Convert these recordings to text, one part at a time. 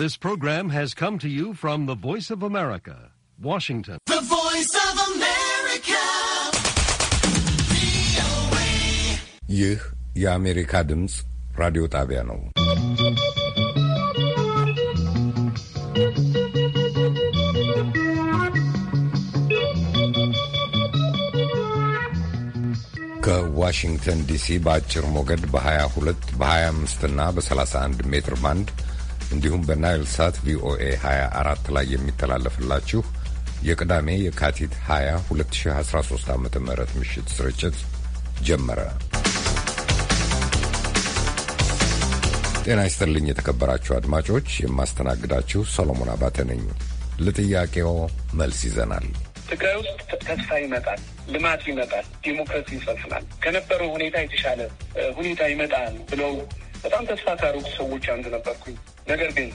This program has come to you from the Voice of America, Washington. The Voice of America. ይህ የአሜሪካ ድምፅ ራዲዮ ጣቢያ ነው። ከዋሽንግተን ዲሲ በአጭር ሞገድ በ22 በ25 እና በ31 ሜትር ባንድ እንዲሁም በናይል ሳት ቪኦኤ 24 ላይ የሚተላለፍላችሁ የቅዳሜ የካቲት 20 2013 ዓ ም ምሽት ስርጭት ጀመረ። ጤና ይስጥልኝ የተከበራችሁ አድማጮች፣ የማስተናግዳችሁ ሰሎሞን አባተ ነኝ። ለጥያቄው መልስ ይዘናል። ትግራይ ውስጥ ተስፋ ይመጣል፣ ልማት ይመጣል፣ ዲሞክራሲ ይሰፍናል፣ ከነበረው ሁኔታ የተሻለ ሁኔታ ይመጣል ብለው በጣም ተስፋ ካሩት ሰዎች አንዱ ነበርኩኝ። ነገር ግን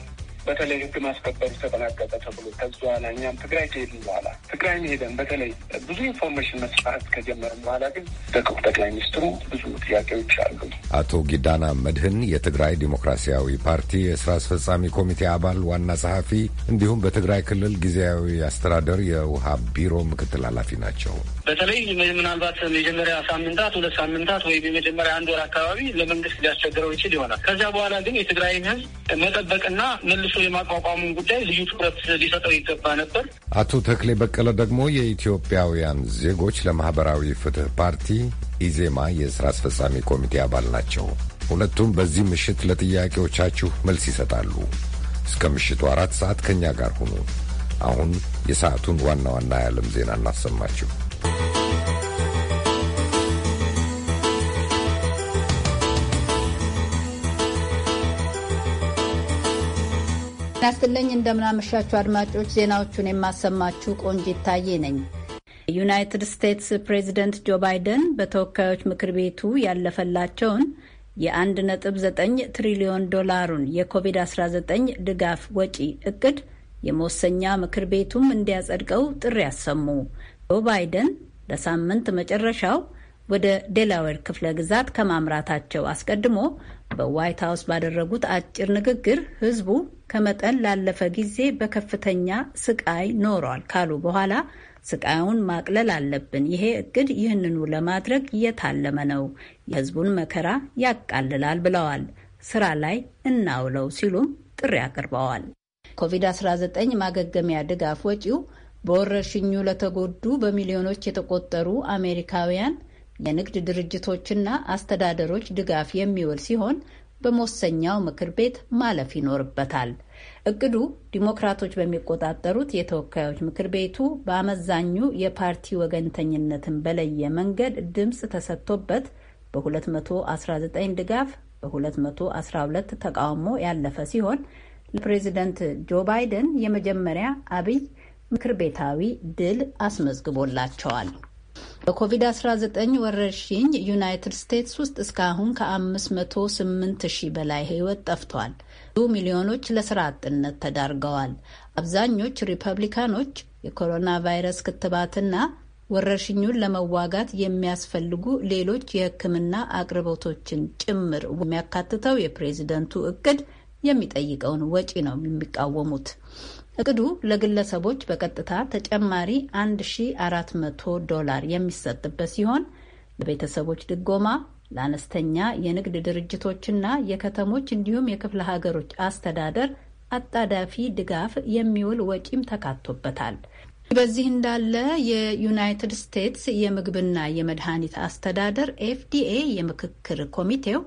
በተለይ ህግ ማስከበሩ ተጠናቀቀ ተብሎ ከዚ በኋላ እኛም ትግራይ ከሄድን በኋላ ትግራይ ሄደን በተለይ ብዙ ኢንፎርሜሽን መስፋት ከጀመርን በኋላ ግን በቅቡ ጠቅላይ ሚኒስትሩ ብዙ ጥያቄዎች አሉ። አቶ ጊዳና መድህን የትግራይ ዲሞክራሲያዊ ፓርቲ የስራ አስፈጻሚ ኮሚቴ አባል ዋና ጸሐፊ እንዲሁም በትግራይ ክልል ጊዜያዊ አስተዳደር የውሃ ቢሮ ምክትል ኃላፊ ናቸው። በተለይ ምናልባት መጀመሪያ ሳምንታት ሁለት ሳምንታት ወይም የመጀመሪያ አንድ ወር አካባቢ ለመንግስት ሊያስቸግረው ይችል ይሆናል። ከዚያ በኋላ ግን የትግራይን ህዝብ መጠበቅና መልሶ መልሶ የማቋቋሙ ጉዳይ ልዩ ትኩረት ሊሰጠው ይገባ ነበር። አቶ ተክሌ በቀለ ደግሞ የኢትዮጵያውያን ዜጎች ለማህበራዊ ፍትህ ፓርቲ ኢዜማ የስራ አስፈጻሚ ኮሚቴ አባል ናቸው። ሁለቱም በዚህ ምሽት ለጥያቄዎቻችሁ መልስ ይሰጣሉ። እስከ ምሽቱ አራት ሰዓት ከእኛ ጋር ሁኑ። አሁን የሰዓቱን ዋና ዋና የዓለም ዜና እናሰማችሁ። ይስጥልኝ እንደምናመሻችሁ አድማጮች፣ ዜናዎቹን የማሰማችሁ ቆንጅ ታዬ ነኝ። ዩናይትድ ስቴትስ ፕሬዚደንት ጆ ባይደን በተወካዮች ምክር ቤቱ ያለፈላቸውን የ1.9 ትሪሊዮን ዶላሩን የኮቪድ-19 ድጋፍ ወጪ እቅድ የመወሰኛ ምክር ቤቱም እንዲያጸድቀው ጥሪ ያሰሙ። ጆ ባይደን ለሳምንት መጨረሻው ወደ ዴላዌር ክፍለ ግዛት ከማምራታቸው አስቀድሞ በዋይት ሀውስ ባደረጉት አጭር ንግግር ህዝቡ ከመጠን ላለፈ ጊዜ በከፍተኛ ስቃይ ኖሯል ካሉ በኋላ ስቃዩን ማቅለል አለብን። ይሄ እቅድ ይህንኑ ለማድረግ እየታለመ ነው። የህዝቡን መከራ ያቃልላል ብለዋል። ስራ ላይ እናውለው ሲሉም ጥሪ አቅርበዋል። ኮቪድ-19 ማገገሚያ ድጋፍ ወጪው በወረርሽኙ ለተጎዱ በሚሊዮኖች የተቆጠሩ አሜሪካውያን የንግድ ድርጅቶችና አስተዳደሮች ድጋፍ የሚውል ሲሆን በመወሰኛው ምክር ቤት ማለፍ ይኖርበታል። እቅዱ ዲሞክራቶች በሚቆጣጠሩት የተወካዮች ምክር ቤቱ በአመዛኙ የፓርቲ ወገንተኝነትን በለየ መንገድ ድምፅ ተሰጥቶበት በ219 ድጋፍ በ212 ተቃውሞ ያለፈ ሲሆን ለፕሬዚደንት ጆ ባይደን የመጀመሪያ አብይ ምክር ቤታዊ ድል አስመዝግቦላቸዋል። በኮቪድ-19 ወረርሽኝ ዩናይትድ ስቴትስ ውስጥ እስካሁን ከ508 ሺህ በላይ ሕይወት ጠፍቷል። ብዙ ሚሊዮኖች ለስራ አጥነት ተዳርገዋል። አብዛኞች ሪፐብሊካኖች የኮሮና ቫይረስ ክትባትና ወረርሽኙን ለመዋጋት የሚያስፈልጉ ሌሎች የሕክምና አቅርቦቶችን ጭምር የሚያካትተው የፕሬዝደንቱ እቅድ የሚጠይቀውን ወጪ ነው የሚቃወሙት። እቅዱ ለግለሰቦች በቀጥታ ተጨማሪ 1400 ዶላር የሚሰጥበት ሲሆን ለቤተሰቦች ድጎማ ለአነስተኛ የንግድ ድርጅቶችና የከተሞች እንዲሁም የክፍለ ሀገሮች አስተዳደር አጣዳፊ ድጋፍ የሚውል ወጪም ተካቶበታል። በዚህ እንዳለ የዩናይትድ ስቴትስ የምግብና የመድኃኒት አስተዳደር ኤፍዲኤ የምክክር ኮሚቴው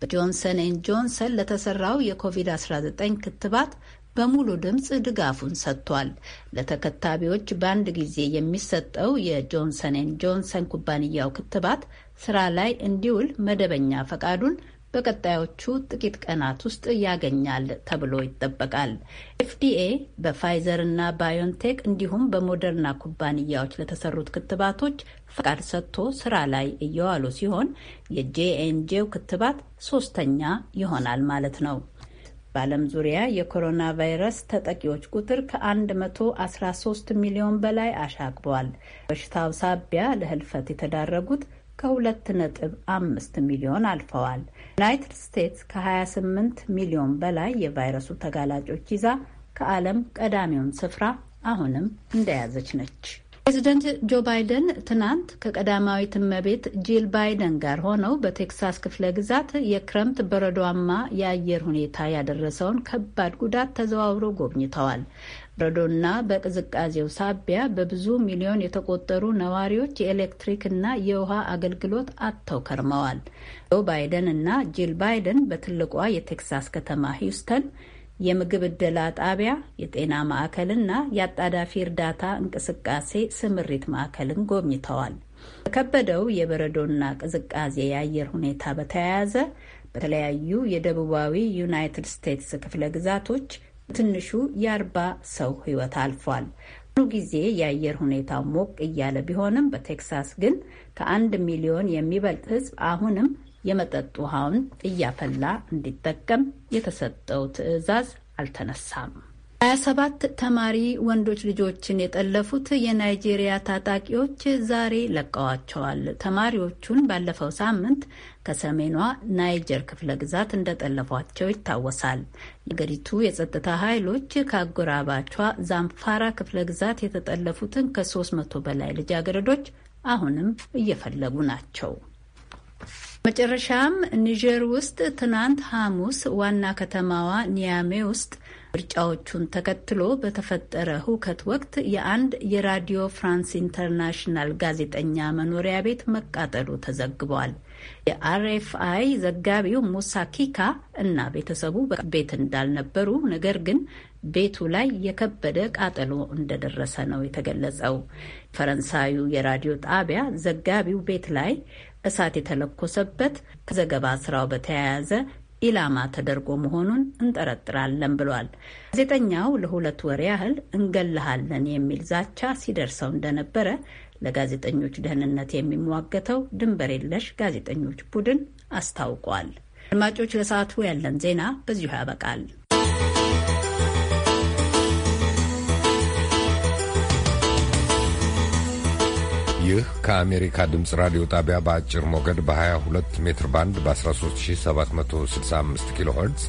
በጆንሰን ኤንድ ጆንሰን ለተሰራው የኮቪድ-19 ክትባት በሙሉ ድምፅ ድጋፉን ሰጥቷል። ለተከታቢዎች በአንድ ጊዜ የሚሰጠው የጆንሰን ኤንድ ጆንሰን ኩባንያው ክትባት ስራ ላይ እንዲውል መደበኛ ፈቃዱን በቀጣዮቹ ጥቂት ቀናት ውስጥ ያገኛል ተብሎ ይጠበቃል። ኤፍዲኤ በፋይዘር እና ባዮንቴክ እንዲሁም በሞደርና ኩባንያዎች ለተሰሩት ክትባቶች ፈቃድ ሰጥቶ ስራ ላይ እየዋሉ ሲሆን የጄኤንጄው ክትባት ሶስተኛ ይሆናል ማለት ነው። በዓለም ዙሪያ የኮሮና ቫይረስ ተጠቂዎች ቁጥር ከ113 ሚሊዮን በላይ አሻግቧል። በሽታው ሳቢያ ለህልፈት የተዳረጉት ከ ነጥብ ሚሊዮን አልፈዋል። ዩናይትድ ስቴትስ ከ28 ሚሊዮን በላይ የቫይረሱ ተጋላጮች ይዛ ከዓለም ቀዳሚውን ስፍራ አሁንም እንደያዘች ነች። ፕሬዚደንት ጆ ባይደን ትናንት ከቀዳማዊት እመቤት ጂል ባይደን ጋር ሆነው በቴክሳስ ክፍለ ግዛት የክረምት በረዷማ የአየር ሁኔታ ያደረሰውን ከባድ ጉዳት ተዘዋውሮ ጎብኝተዋል። በረዶና በቅዝቃዜው ሳቢያ በብዙ ሚሊዮን የተቆጠሩ ነዋሪዎች የኤሌክትሪክና የውሃ አገልግሎት አጥተው ከርመዋል። ጆ ባይደን እና ጂል ባይደን በትልቋ የቴክሳስ ከተማ ሂውስተን የምግብ እደላ ጣቢያ፣ የጤና ማዕከልና የአጣዳፊ እርዳታ እንቅስቃሴ ስምሪት ማዕከልን ጎብኝተዋል። ከከበደው የበረዶና ቅዝቃዜ የአየር ሁኔታ በተያያዘ በተለያዩ የደቡባዊ ዩናይትድ ስቴትስ ክፍለ ግዛቶች ትንሹ የአርባ ሰው ሕይወት አልፏል። በአሁኑ ጊዜ የአየር ሁኔታው ሞቅ እያለ ቢሆንም በቴክሳስ ግን ከአንድ ሚሊዮን የሚበልጥ ህዝብ አሁንም የመጠጥ ውሃውን እያፈላ እንዲጠቀም የተሰጠው ትዕዛዝ አልተነሳም። 27 ተማሪ ወንዶች ልጆችን የጠለፉት የናይጄሪያ ታጣቂዎች ዛሬ ለቀዋቸዋል። ተማሪዎቹን ባለፈው ሳምንት ከሰሜኗ ናይጀር ክፍለ ግዛት እንደጠለፏቸው ይታወሳል። የአገሪቱ የጸጥታ ኃይሎች ከአጎራባቿ ዛምፋራ ክፍለ ግዛት የተጠለፉትን ከ300 በላይ ልጃገረዶች አሁንም እየፈለጉ ናቸው። መጨረሻም ኒጀር ውስጥ ትናንት ሐሙስ ዋና ከተማዋ ኒያሜ ውስጥ ምርጫዎቹን ተከትሎ በተፈጠረ ሁከት ወቅት የአንድ የራዲዮ ፍራንስ ኢንተርናሽናል ጋዜጠኛ መኖሪያ ቤት መቃጠሉ ተዘግቧል። የአርኤፍአይ ዘጋቢው ሙሳ ኪካ እና ቤተሰቡ ቤት እንዳልነበሩ፣ ነገር ግን ቤቱ ላይ የከበደ ቃጠሎ እንደደረሰ ነው የተገለጸው። ፈረንሳዩ የራዲዮ ጣቢያ ዘጋቢው ቤት ላይ እሳት የተለኮሰበት ከዘገባ ስራው በተያያዘ ኢላማ ተደርጎ መሆኑን እንጠረጥራለን ብሏል። ጋዜጠኛው ለሁለት ወር ያህል እንገልሃለን የሚል ዛቻ ሲደርሰው እንደነበረ ለጋዜጠኞች ደህንነት የሚሟገተው ድንበር የለሽ ጋዜጠኞች ቡድን አስታውቋል። አድማጮች፣ ለሰዓቱ ያለን ዜና በዚሁ ያበቃል። ይህ ከአሜሪካ ድምፅ ራዲዮ ጣቢያ በአጭር ሞገድ በ22 ሜትር ባንድ በ13765 ኪሎ ኸርትዝ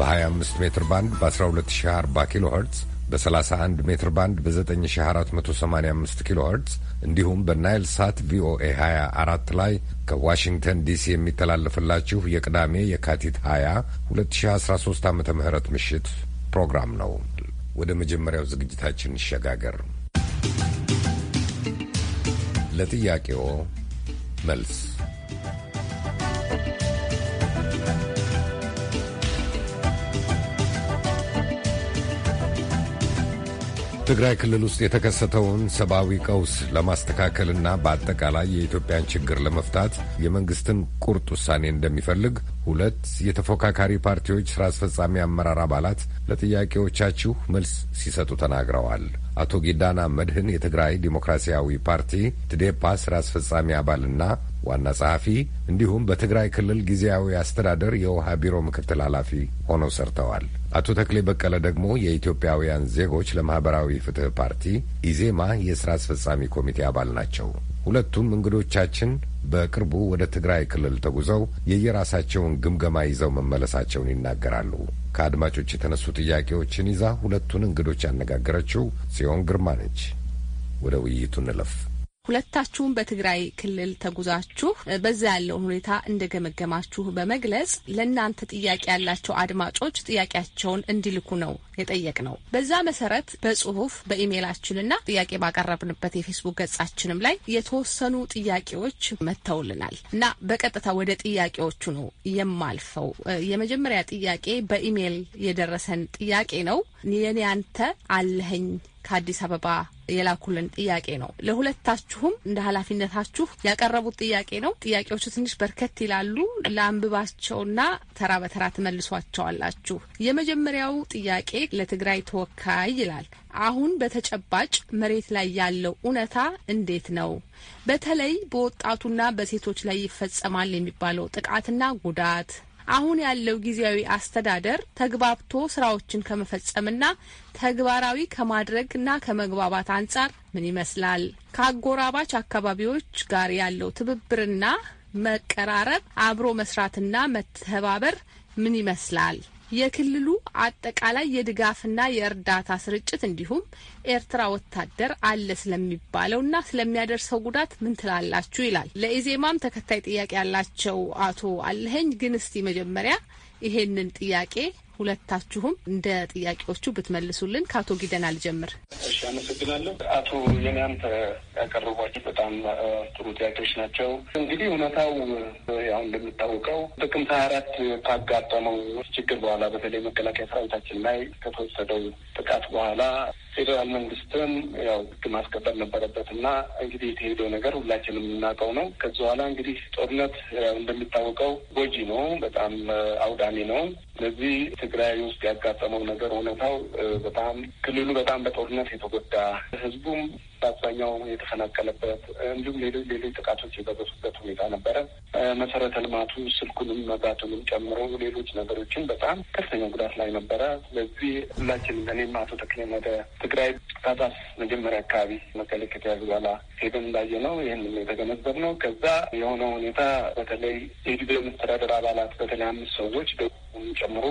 በ25 ሜትር ባንድ በ1240 ኪሎ ኸርትዝ በ31 ሜትር ባንድ በ9485 ኪሎ ኸርትዝ እንዲሁም በናይል ሳት ቪኦኤ 24 ላይ ከዋሽንግተን ዲሲ የሚተላለፍላችሁ የቅዳሜ የካቲት 20 2013 ዓ ም ምሽት ፕሮግራም ነው። ወደ መጀመሪያው ዝግጅታችን እንሸጋገር። ለጥያቄዎ መልስ ትግራይ ክልል ውስጥ የተከሰተውን ሰብአዊ ቀውስ ለማስተካከልና በአጠቃላይ የኢትዮጵያን ችግር ለመፍታት የመንግስትን ቁርጥ ውሳኔ እንደሚፈልግ ሁለት የተፎካካሪ ፓርቲዎች ስራ አስፈጻሚ አመራር አባላት ለጥያቄዎቻችሁ መልስ ሲሰጡ ተናግረዋል። አቶ ጊዳና መድህን የትግራይ ዲሞክራሲያዊ ፓርቲ ትዴፓ ስራ አስፈጻሚ አባልና ዋና ጸሐፊ እንዲሁም በትግራይ ክልል ጊዜያዊ አስተዳደር የውሃ ቢሮ ምክትል ኃላፊ ሆነው ሰርተዋል። አቶ ተክሌ በቀለ ደግሞ የኢትዮጵያውያን ዜጎች ለማህበራዊ ፍትህ ፓርቲ ኢዜማ የስራ አስፈጻሚ ኮሚቴ አባል ናቸው። ሁለቱም እንግዶቻችን በቅርቡ ወደ ትግራይ ክልል ተጉዘው የየራሳቸውን ግምገማ ይዘው መመለሳቸውን ይናገራሉ። ከአድማጮች የተነሱ ጥያቄዎችን ይዛ ሁለቱን እንግዶች ያነጋገረችው ጽዮን ግርማ ነች። ወደ ውይይቱ እንለፍ። ሁለታችሁም በትግራይ ክልል ተጉዛችሁ በዛ ያለውን ሁኔታ እንደገመገማችሁ በመግለጽ ለእናንተ ጥያቄ ያላቸው አድማጮች ጥያቄያቸውን እንዲልኩ ነው የጠየቅ ነው። በዛ መሰረት በጽሁፍ በኢሜይላችንና ጥያቄ ባቀረብንበት የፌስቡክ ገጻችንም ላይ የተወሰኑ ጥያቄዎች መጥተውልናል እና በቀጥታ ወደ ጥያቄዎቹ ነው የማልፈው። የመጀመሪያ ጥያቄ በኢሜይል የደረሰን ጥያቄ ነው። የኔ አንተ አለኸኝ ከአዲስ አበባ የላኩልን ጥያቄ ነው። ለሁለታችሁም እንደ ኃላፊነታችሁ ያቀረቡት ጥያቄ ነው። ጥያቄዎቹ ትንሽ በርከት ይላሉ። ለአንብባቸውና ተራ በተራ ትመልሷቸዋላችሁ። የመጀመሪያው ጥያቄ ለትግራይ ተወካይ ይላል። አሁን በተጨባጭ መሬት ላይ ያለው እውነታ እንዴት ነው? በተለይ በወጣቱና በሴቶች ላይ ይፈጸማል የሚባለው ጥቃትና ጉዳት አሁን ያለው ጊዜያዊ አስተዳደር ተግባብቶ ስራዎችን ከመፈጸምና ተግባራዊ ከማድረግና ከመግባባት አንጻር ምን ይመስላል? ከአጎራባች አካባቢዎች ጋር ያለው ትብብርና መቀራረብ፣ አብሮ መስራትና መተባበር ምን ይመስላል? የክልሉ አጠቃላይ የድጋፍና የእርዳታ ስርጭት እንዲሁም ኤርትራ ወታደር አለ ስለሚባለውና ስለሚያደርሰው ጉዳት ምን ትላላችሁ? ይላል። ለኢዜማም ተከታይ ጥያቄ ያላቸው አቶ አለኸኝ ግን እስቲ መጀመሪያ ይሄንን ጥያቄ ሁለታችሁም እንደ ጥያቄዎቹ ብትመልሱልን። ከአቶ ጊደና ልጀምር። እሺ፣ አመሰግናለሁ። አቶ የኒያንተ ያቀረቧቸው በጣም ጥሩ ጥያቄዎች ናቸው። እንግዲህ እውነታው ያው እንደሚታወቀው ጥቅምት ሀያ አራት ካጋጠመው ችግር በኋላ በተለይ መከላከያ ሰራዊታችን ላይ ከተወሰደው ጥቃት በኋላ ፌዴራል መንግስትም ያው ህግ ማስከበር ነበረበት እና እንግዲህ የተሄደው ነገር ሁላችንም የምናውቀው ነው። ከዚ በኋላ እንግዲህ ጦርነት እንደሚታወቀው ጎጂ ነው፣ በጣም አውዳሚ ነው። ስለዚህ ትግራይ ውስጥ ያጋጠመው ነገር እውነታው በጣም ክልሉ በጣም በጦርነት የተጎዳ ህዝቡም በአብዛኛው የተፈናቀለበት እንዲሁም ሌሎች ሌሎች ጥቃቶች የደረሱበት ሁኔታ ነበረ። መሰረተ ልማቱ ስልኩንም መብራቱንም ጨምሮ ሌሎች ነገሮችን በጣም ከፍተኛ ጉዳት ላይ ነበረ። ለዚህ ሁላችን እኔም አቶ ተክሌም ወደ ትግራይ ታጣስ መጀመሪያ አካባቢ መቀሌ ከተያዙ በኋላ ሄደን እንዳየ ነው ይህን የተገነዘብ ነው። ከዛ የሆነ ሁኔታ በተለይ የጊዜያዊ መስተዳደር አባላት በተለይ አምስት ሰዎች ጨምሮ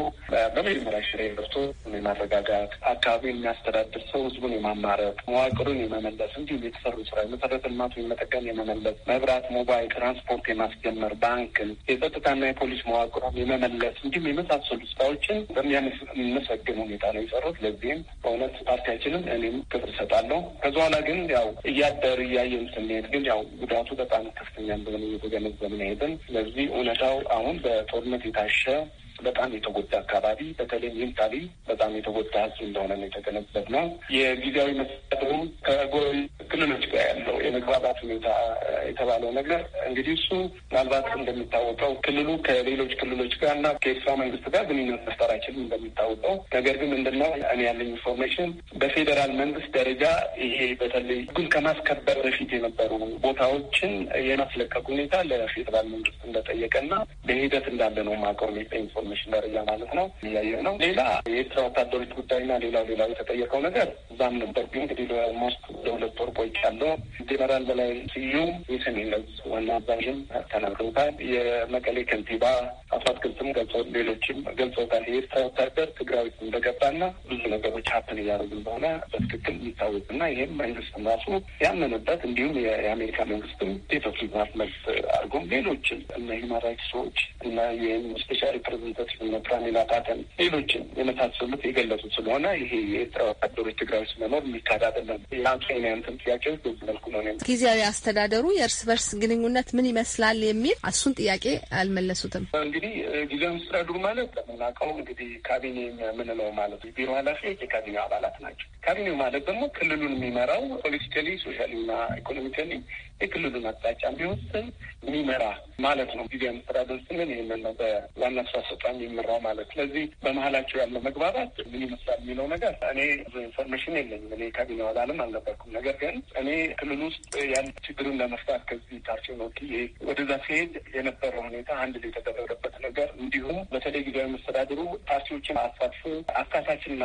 በመጀመሪያ ሽሬ ገብቶ የማረጋጋት አካባቢ የሚያስተዳድር ሰው ህዝቡን የማማረጥ መዋቅሩን የመመለስ የመመለስ እንዲሁም የተሰሩ ስራ መሰረተ ልማቱ የመጠቀም የመመለስ፣ መብራት፣ ሞባይል፣ ትራንስፖርት የማስጀመር፣ ባንክን፣ የጸጥታና የፖሊስ መዋቅሯን የመመለስ እንዲሁም የመሳሰሉ ስራዎችን በሚያመሰግን ሁኔታ ነው የሰሩት። ለዚህም በእውነት ፓርቲያችንም እኔም ክብር እሰጣለሁ። ከዚ በኋላ ግን ያው እያደር እያየን ስንሄድ ግን ያው ጉዳቱ በጣም ከፍተኛ እንደሆነ እየተገነዘብን ሄድን። ስለዚህ እውነታው አሁን በጦርነት የታሸ በጣም የተጎዳ አካባቢ በተለይ ሜንታሊ በጣም የተጎዳ ህዝብ እንደሆነ ነው የተገነዘብ ነው። የጊዜያዊ መስተዳድሩም ከጎረቤ ክልሎች ጋር ያለው የመግባባት ሁኔታ የተባለው ነገር እንግዲህ እሱ ምናልባት እንደሚታወቀው ክልሉ ከሌሎች ክልሎች ጋር እና ከኤርትራ መንግስት ጋር ግንኙነት መፍጠር አይችልም እንደሚታወቀው። ነገር ግን ምንድነው እኔ ያለኝ ኢንፎርሜሽን በፌዴራል መንግስት ደረጃ ይሄ በተለይ ህጉን ከማስከበር በፊት የነበሩ ቦታዎችን የማስለቀቅ ሁኔታ ለፌዴራል መንግስት እንደጠየቀ እና በሂደት እንዳለ ነው ማቀር ማቀርም ኢንፎርሜሽን ደረጃ ማለት ነው እያየ ነው። ሌላ የኤርትራ ወታደሮች ጉዳይና ሌላው ሌላው የተጠየቀው ነገር እዛም ነበር። ግን እንግዲህ ኦልሞስት ለሁለት ወር ወር ያለው ጄኔራል በላይ ስዩም የሰሜን ዕዝ ዋና አዛዥም ተናግረውታል። የመቀሌ ከንቲባ አቶ አትክልትም ገልጾ ሌሎችም ገልጾታል። የኤርትራ ወታደር ትግራዊ እንደገባና ብዙ ነገሮች ሀፕን እያደረጉ እንደሆነ በትክክል የሚታወቅ የሚታወቅና ይህም መንግስትም ራሱ ያመነበት እንዲሁም የአሜሪካ መንግስትም ቤቶች መልስ አድርጎም ሌሎችም እነ ሂውማን ራይትስ ዎች እና ይህም ስፔሻል ፕሬዝን ተስፍነ ፕራሜላ ፓተን፣ ሌሎችን የመሳሰሉት የገለጹት ስለሆነ ይሄ የኤርትራ ወታደሮች ትግራይ ውስጥ መኖር የሚካድ አይደለም። የአንቶኒያንትን ጥያቄዎች በዚ መልኩ ነው። ጊዜያዊ አስተዳደሩ የእርስ በርስ ግንኙነት ምን ይመስላል የሚል እሱን ጥያቄ አልመለሱትም። እንግዲህ ጊዜያዊ አስተዳደሩ ማለት ለመናቀው እንግዲህ ካቢኔ የምንለው ማለት ቢሮ ኃላፊ የካቢኔ አባላት ናቸው። ካቢኔ ማለት ደግሞ ክልሉን የሚመራው ፖለቲካሊ፣ ሶሻሊ እና ኢኮኖሚካሊ የክልሉን አቅጣጫ ቢወስን የሚመራ ማለት ነው። ጊዜ መስተዳደር ስንል ይህንን ነው፣ በዋና ስራ አስፈጻሚ የሚመራው ማለት። ስለዚህ በመሀላቸው ያለው መግባባት ምን ይመስላል የሚለው ነገር እኔ ኢንፎርሜሽን የለኝም። እኔ ካቢኔ አባልም አልነበርኩም። ነገር ግን እኔ ክልል ውስጥ ያን ችግርን ለመፍታት ከዚህ ታርቸው ነው ወክዬ ወደዛ ሲሄድ የነበረ ሁኔታ አንድ ላይ የተደረገበት ነገር እንዲሁም በተለይ ጊዜያዊ መስተዳድሩ ፓርቲዎችን አሳትፎ አካታችና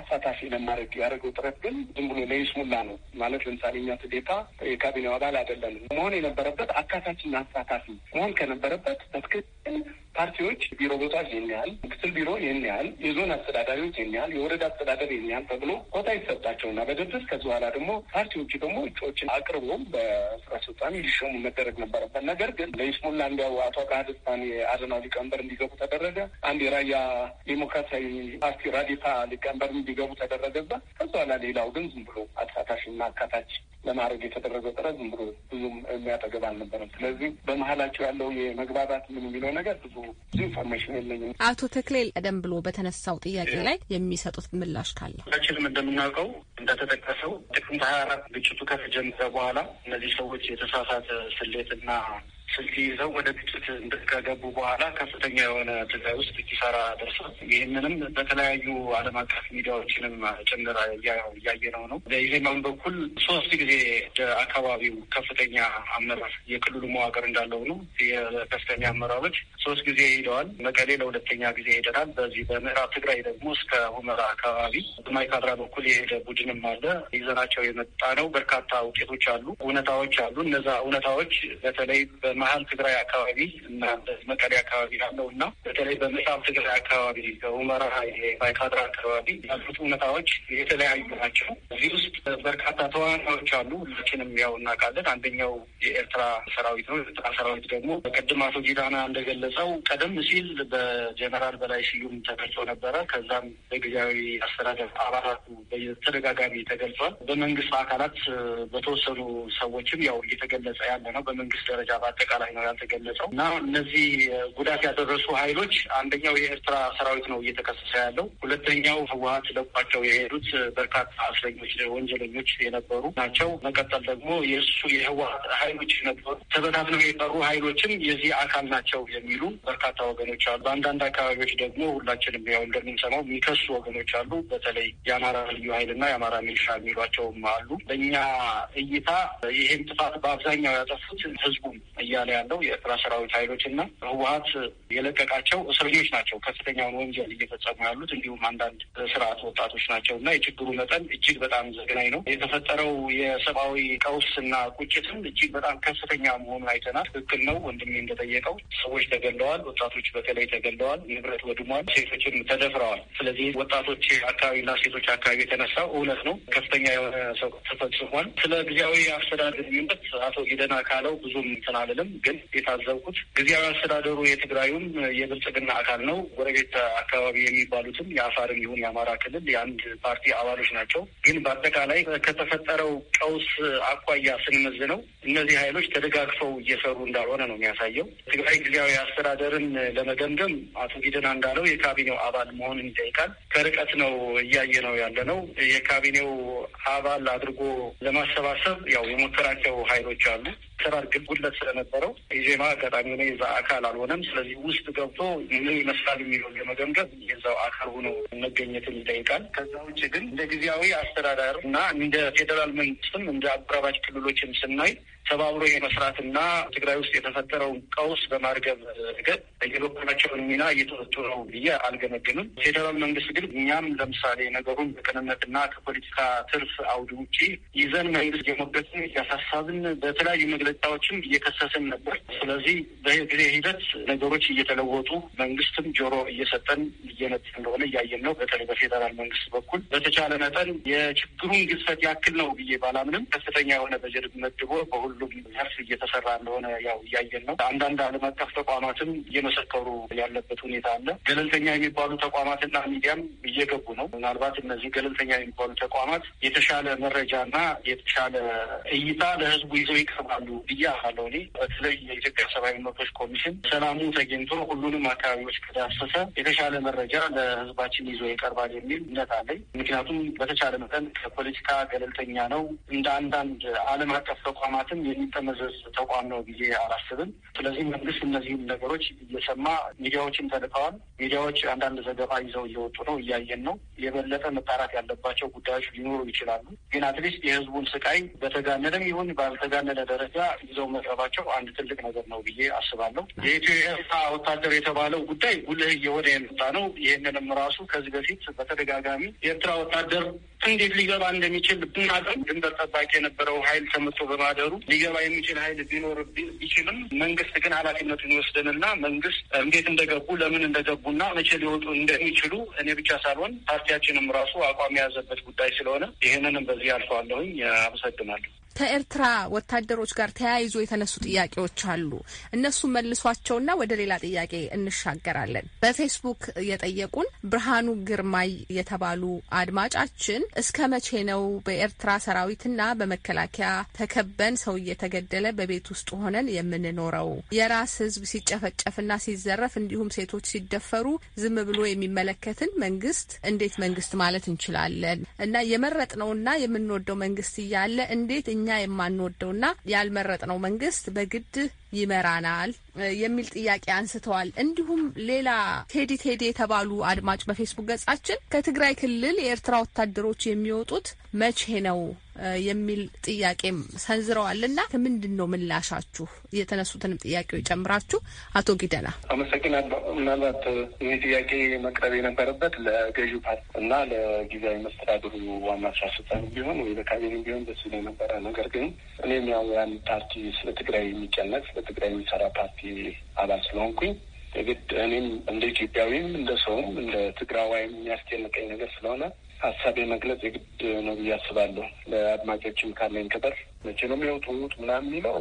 አሳታፊ ለማድረግ ያደረገው ጥረት ግን ዝም ብሎ ለይስሙላ ነው ማለት ለምሳሌ እኛ ትዴታ የካቢኔው አባል አይደለንም። መሆን የነበረበት አካታችን አሳታፊ መሆን ከነበረበት በትክክል ፓርቲዎች ቢሮ ቦታ ይህን ያህል፣ ምክትል ቢሮ ይህን ያህል፣ የዞን አስተዳዳሪዎች ይህን ያህል፣ የወረዳ አስተዳደር ይህን ያህል ተብሎ ቦታ ይሰጣቸው ይሰጣቸውና በደብስ ከዚ በኋላ ደግሞ ፓርቲዎቹ ደግሞ እጩዎችን አቅርቦም በስራ አስፈጻሚ ሊሾሙ መደረግ ነበረበት። ነገር ግን ለይስሙላ እንዲያው አቶ አቃሃድስታን የአረናው ሊቀመንበር እንዲገቡ ተደረገ። አንድ የራያ ዴሞክራሲያዊ ፓርቲ ራዲፓ ሊቀመንበር እንዲገቡ ተደረገበት። ከዛ ኋላ ሌላው ግን ዝም ብሎ አሳታሽና አካታች ለማድረግ የተደረገ ጥረት ዝም ብሎ ብዙም የሚያጠገብ አልነበረም። ስለዚህ በመሀላቸው ያለው የመግባባት ምን የሚለው ነገር ብዙ ብዙ ኢንፎርሜሽን የለኝም። አቶ ተክሌ ቀደም ብሎ በተነሳው ጥያቄ ላይ የሚሰጡት ምላሽ ካለ ሁላችንም እንደምናውቀው እንደተጠቀሰው ጥቅምት ሀያ አራት ግጭቱ ከተጀመረ በኋላ እነዚህ ሰዎች የተሳሳተ ስሌትና ስልክ ይዘው ወደ ግጭት ከገቡ በኋላ ከፍተኛ የሆነ ትግራይ ውስጥ ኪሳራ ደርሷል። ይህንንም በተለያዩ ዓለም አቀፍ ሚዲያዎችንም ጭምር እያየነው ነው። በኢዜማም በኩል ሶስት ጊዜ አካባቢው ከፍተኛ አመራር የክልሉ መዋቅር እንዳለው ነው። የከፍተኛ አመራሮች ሶስት ጊዜ ሄደዋል። መቀሌ ለሁለተኛ ጊዜ ሄደናል። በዚህ በምዕራብ ትግራይ ደግሞ እስከ ሁመራ አካባቢ በማይካድራ በኩል የሄደ ቡድንም አለ። ይዘናቸው የመጣ ነው። በርካታ ውጤቶች አሉ፣ እውነታዎች አሉ። እነዛ እውነታዎች በተለይ በማ መሀል ትግራይ አካባቢ እና መቀሌ አካባቢ ያለው እና በተለይ በምዕራብ ትግራይ አካባቢ በሁመራ ባይካድራ አካባቢ ያሉት እውነታዎች የተለያዩ ናቸው። እዚህ ውስጥ በርካታ ተዋናዮች አሉ፣ ሁላችንም ያው እናውቃለን። አንደኛው የኤርትራ ሰራዊት ነው። የኤርትራ ሰራዊት ደግሞ በቅድም አቶ ጊዳና እንደገለጸው ቀደም ሲል በጀነራል በላይ ስዩም ተገልጾ ነበረ። ከዛም በጊዜያዊ አስተዳደር አባላቱ በተደጋጋሚ ተገልጿል። በመንግስት አካላት በተወሰኑ ሰዎችም ያው እየተገለጸ ያለ ነው በመንግስት ደረጃ ባጠቃ ላይ ነው ያልተገለጸው እና እነዚህ ጉዳት ያደረሱ ኃይሎች አንደኛው የኤርትራ ሰራዊት ነው እየተከሰሰ ያለው። ሁለተኛው ህወሀት ለቋቸው የሄዱት በርካታ እስረኞች፣ ወንጀለኞች የነበሩ ናቸው። መቀጠል ደግሞ የእሱ የህወሀት ኃይሎች ነበሩ ተበታትነው የቀሩ ኃይሎችም የዚህ አካል ናቸው የሚሉ በርካታ ወገኖች አሉ። በአንዳንድ አካባቢዎች ደግሞ ሁላችንም ያው እንደምንሰማው የሚከሱ ወገኖች አሉ። በተለይ የአማራ ልዩ ኃይልና የአማራ ሚሊሻ የሚሏቸውም አሉ። በእኛ እይታ ይህም ጥፋት በአብዛኛው ያጠፉት ህዝቡም እያለ ያለው የኤርትራ ሰራዊት ኃይሎች እና ህወሀት የለቀቃቸው እስረኞች ናቸው ከፍተኛውን ወንጀል እየፈጸሙ ያሉት እንዲሁም አንዳንድ ስርዓት ወጣቶች ናቸው እና የችግሩ መጠን እጅግ በጣም ዘግናኝ ነው። የተፈጠረው የሰብአዊ ቀውስ እና ቁጭትም እጅግ በጣም ከፍተኛ መሆኑን አይተናል። ትክክል ነው ወንድሜ እንደጠየቀው ሰዎች ተገለዋል። ወጣቶች በተለይ ተገለዋል። ንብረት ወድሟል። ሴቶችም ተደፍረዋል። ስለዚህ ወጣቶች አካባቢና ሴቶች አካባቢ የተነሳው እውነት ነው ከፍተኛ የሆነ ሰው ተፈጽሟል። ስለ ጊዜያዊ አስተዳደር ሚመት አቶ ጌደና ካለው ብዙም እንትን አይደለም። ግን የታዘብኩት ጊዜያዊ አስተዳደሩ የትግራዩም የብልጽግና አካል ነው። ጎረቤት አካባቢ የሚባሉትም የአፋርም ይሁን የአማራ ክልል የአንድ ፓርቲ አባሎች ናቸው። ግን በአጠቃላይ ከተፈጠረው ቀውስ አኳያ ስንመዝነው እነዚህ ኃይሎች ተደጋግፈው እየሰሩ እንዳልሆነ ነው የሚያሳየው። ትግራይ ጊዜያዊ አስተዳደርን ለመገምገም አቶ ጊደና እንዳለው የካቢኔው አባል መሆንን ይጠይቃል። ከርቀት ነው እያየ ነው ያለ ነው። የካቢኔው አባል አድርጎ ለማሰባሰብ ያው የሞከራቸው ኃይሎች አሉ። አሰራር ግን ጉድለት ስለነበረው ኢዜማ አጋጣሚ ሆነ የዛ አካል አልሆነም። ስለዚህ ውስጥ ገብቶ ምን ይመስላል የሚለው ለመገምገም የዛው አካል ሆኖ መገኘትን ይጠይቃል። ከዛ ውጭ ግን እንደ ጊዜያዊ አስተዳደር እና እንደ ፌዴራል መንግስትም እንደ አጎራባች ክልሎችም ስናይ ተባብሮ የመስራትና ትግራይ ውስጥ የተፈጠረውን ቀውስ በማርገብ እገት የበኩላቸውን ሚና እየተወጡ ነው ብዬ አልገመግምም። ፌዴራል መንግስት ግን እኛም ለምሳሌ ነገሩን በቅንነትና ከፖለቲካ ትርፍ አውድ ውጪ ይዘን መንግስት የሞገትን እያሳሳብን በተለያዩ መግለጫዎችም እየከሰስን ነበር። ስለዚህ በጊዜ ሂደት ነገሮች እየተለወጡ መንግስትም ጆሮ እየሰጠን እየነጥ እንደሆነ እያየን ነው። በተለይ በፌዴራል መንግስት በኩል በተቻለ መጠን የችግሩን ግዝፈት ያክል ነው ብዬ ባላምንም ከፍተኛ የሆነ በጀት መድቦ በሁ ሁሉም ዘርፍ እየተሰራ እንደሆነ ያው እያየን ነው። አንዳንድ ዓለም አቀፍ ተቋማትም እየመሰከሩ ያለበት ሁኔታ አለ። ገለልተኛ የሚባሉ ተቋማትና ሚዲያም እየገቡ ነው። ምናልባት እነዚህ ገለልተኛ የሚባሉ ተቋማት የተሻለ መረጃና የተሻለ እይታ ለህዝቡ ይዘው ይቀርባሉ ብዬ አለው። እኔ በተለይ የኢትዮጵያ ሰብአዊ መብቶች ኮሚሽን ሰላሙ ተገኝቶ ሁሉንም አካባቢዎች ከዳሰሰ የተሻለ መረጃ ለህዝባችን ይዞ ይቀርባል የሚል እምነት አለኝ። ምክንያቱም በተቻለ መጠን ከፖለቲካ ገለልተኛ ነው እንደ አንዳንድ ዓለም አቀፍ ተቋማትም የሚጠመዘዝ ተቋም ነው ብዬ አላስብም። ስለዚህ መንግስት እነዚህም ነገሮች እየሰማ ሚዲያዎችም ተልከዋል። ሚዲያዎች አንዳንድ ዘገባ ይዘው እየወጡ ነው፣ እያየን ነው። የበለጠ መጣራት ያለባቸው ጉዳዮች ሊኖሩ ይችላሉ። ግን አትሊስት የህዝቡን ስቃይ በተጋነደም ይሁን ባልተጋነደ ደረጃ ይዘው መቅረባቸው አንድ ትልቅ ነገር ነው ብዬ አስባለሁ። የኢትዮ ኤርትራ ወታደር የተባለው ጉዳይ ጉልህ እየሆነ የመጣ ነው። ይህንንም ራሱ ከዚህ በፊት በተደጋጋሚ የኤርትራ ወታደር እንዴት ሊገባ እንደሚችል ብናቅም ድንበር ጠባቂ የነበረው ኃይል ተመቶ በማደሩ ሊገባ የሚችል ኃይል ቢኖር ቢችልም መንግስት ግን ኃላፊነቱን ይወስድንና መንግስት እንዴት እንደገቡ ለምን እንደገቡና መቼ ሊወጡ እንደሚችሉ እኔ ብቻ ሳልሆን ፓርቲያችንም ራሱ አቋም የያዘበት ጉዳይ ስለሆነ ይህንንም በዚህ አልፈዋለሁኝ። አመሰግናለሁ። ከኤርትራ ወታደሮች ጋር ተያይዞ የተነሱ ጥያቄዎች አሉ። እነሱ መልሷቸውና ወደ ሌላ ጥያቄ እንሻገራለን። በፌስቡክ የጠየቁን ብርሃኑ ግርማይ የተባሉ አድማጫችን እስከ መቼ ነው በኤርትራ ሰራዊትና በመከላከያ ተከበን ሰው እየተገደለ በቤት ውስጥ ሆነን የምንኖረው? የራስ ህዝብ ሲጨፈጨፍና ሲዘረፍ እንዲሁም ሴቶች ሲደፈሩ ዝም ብሎ የሚመለከትን መንግስት እንዴት መንግስት ማለት እንችላለን? እና የመረጥነውና የምንወደው መንግስት እያለ እንዴት እኛ የማንወደውና ያልመረጥነው መንግስት በግድ ይመራናል የሚል ጥያቄ አንስተዋል። እንዲሁም ሌላ ቴዲ ቴዲ የተባሉ አድማጭ በፌስቡክ ገጻችን ከትግራይ ክልል የኤርትራ ወታደሮች የሚወጡት መቼ ነው የሚል ጥያቄም ሰንዝረዋል። ሰንዝረዋልና ከምንድን ነው ምላሻችሁ? የተነሱትንም ጥያቄዎች ጨምራችሁ አቶ ጊደና አመሰግናለሁ። ምናልባት ይህ ጥያቄ መቅረብ የነበረበት ለገዢው ፓርቲ እና ለጊዜያዊ መስተዳድሩ ዋና ስራ አስፈጻሚ ቢሆን ወይ ለካቢኔ ቢሆን በሱ ላይ ነበረ። ነገር ግን እኔም ያው ያን ፓርቲ ስለ ትግራይ የሚጨነቅ ስለ በትግራይ የሚሰራ ፓርቲ አባል ስለሆንኩኝ የግድ እኔም እንደ ኢትዮጵያዊም እንደ ሰውም እንደ ትግራዋይም የሚያስጨንቀኝ ነገር ስለሆነ ሀሳቤ መግለጽ የግድ ነው ብዬ አስባለሁ። ለአድማጮችም ካለኝ ክብር መቼ ነው የሚወጡት ምናምን የሚለው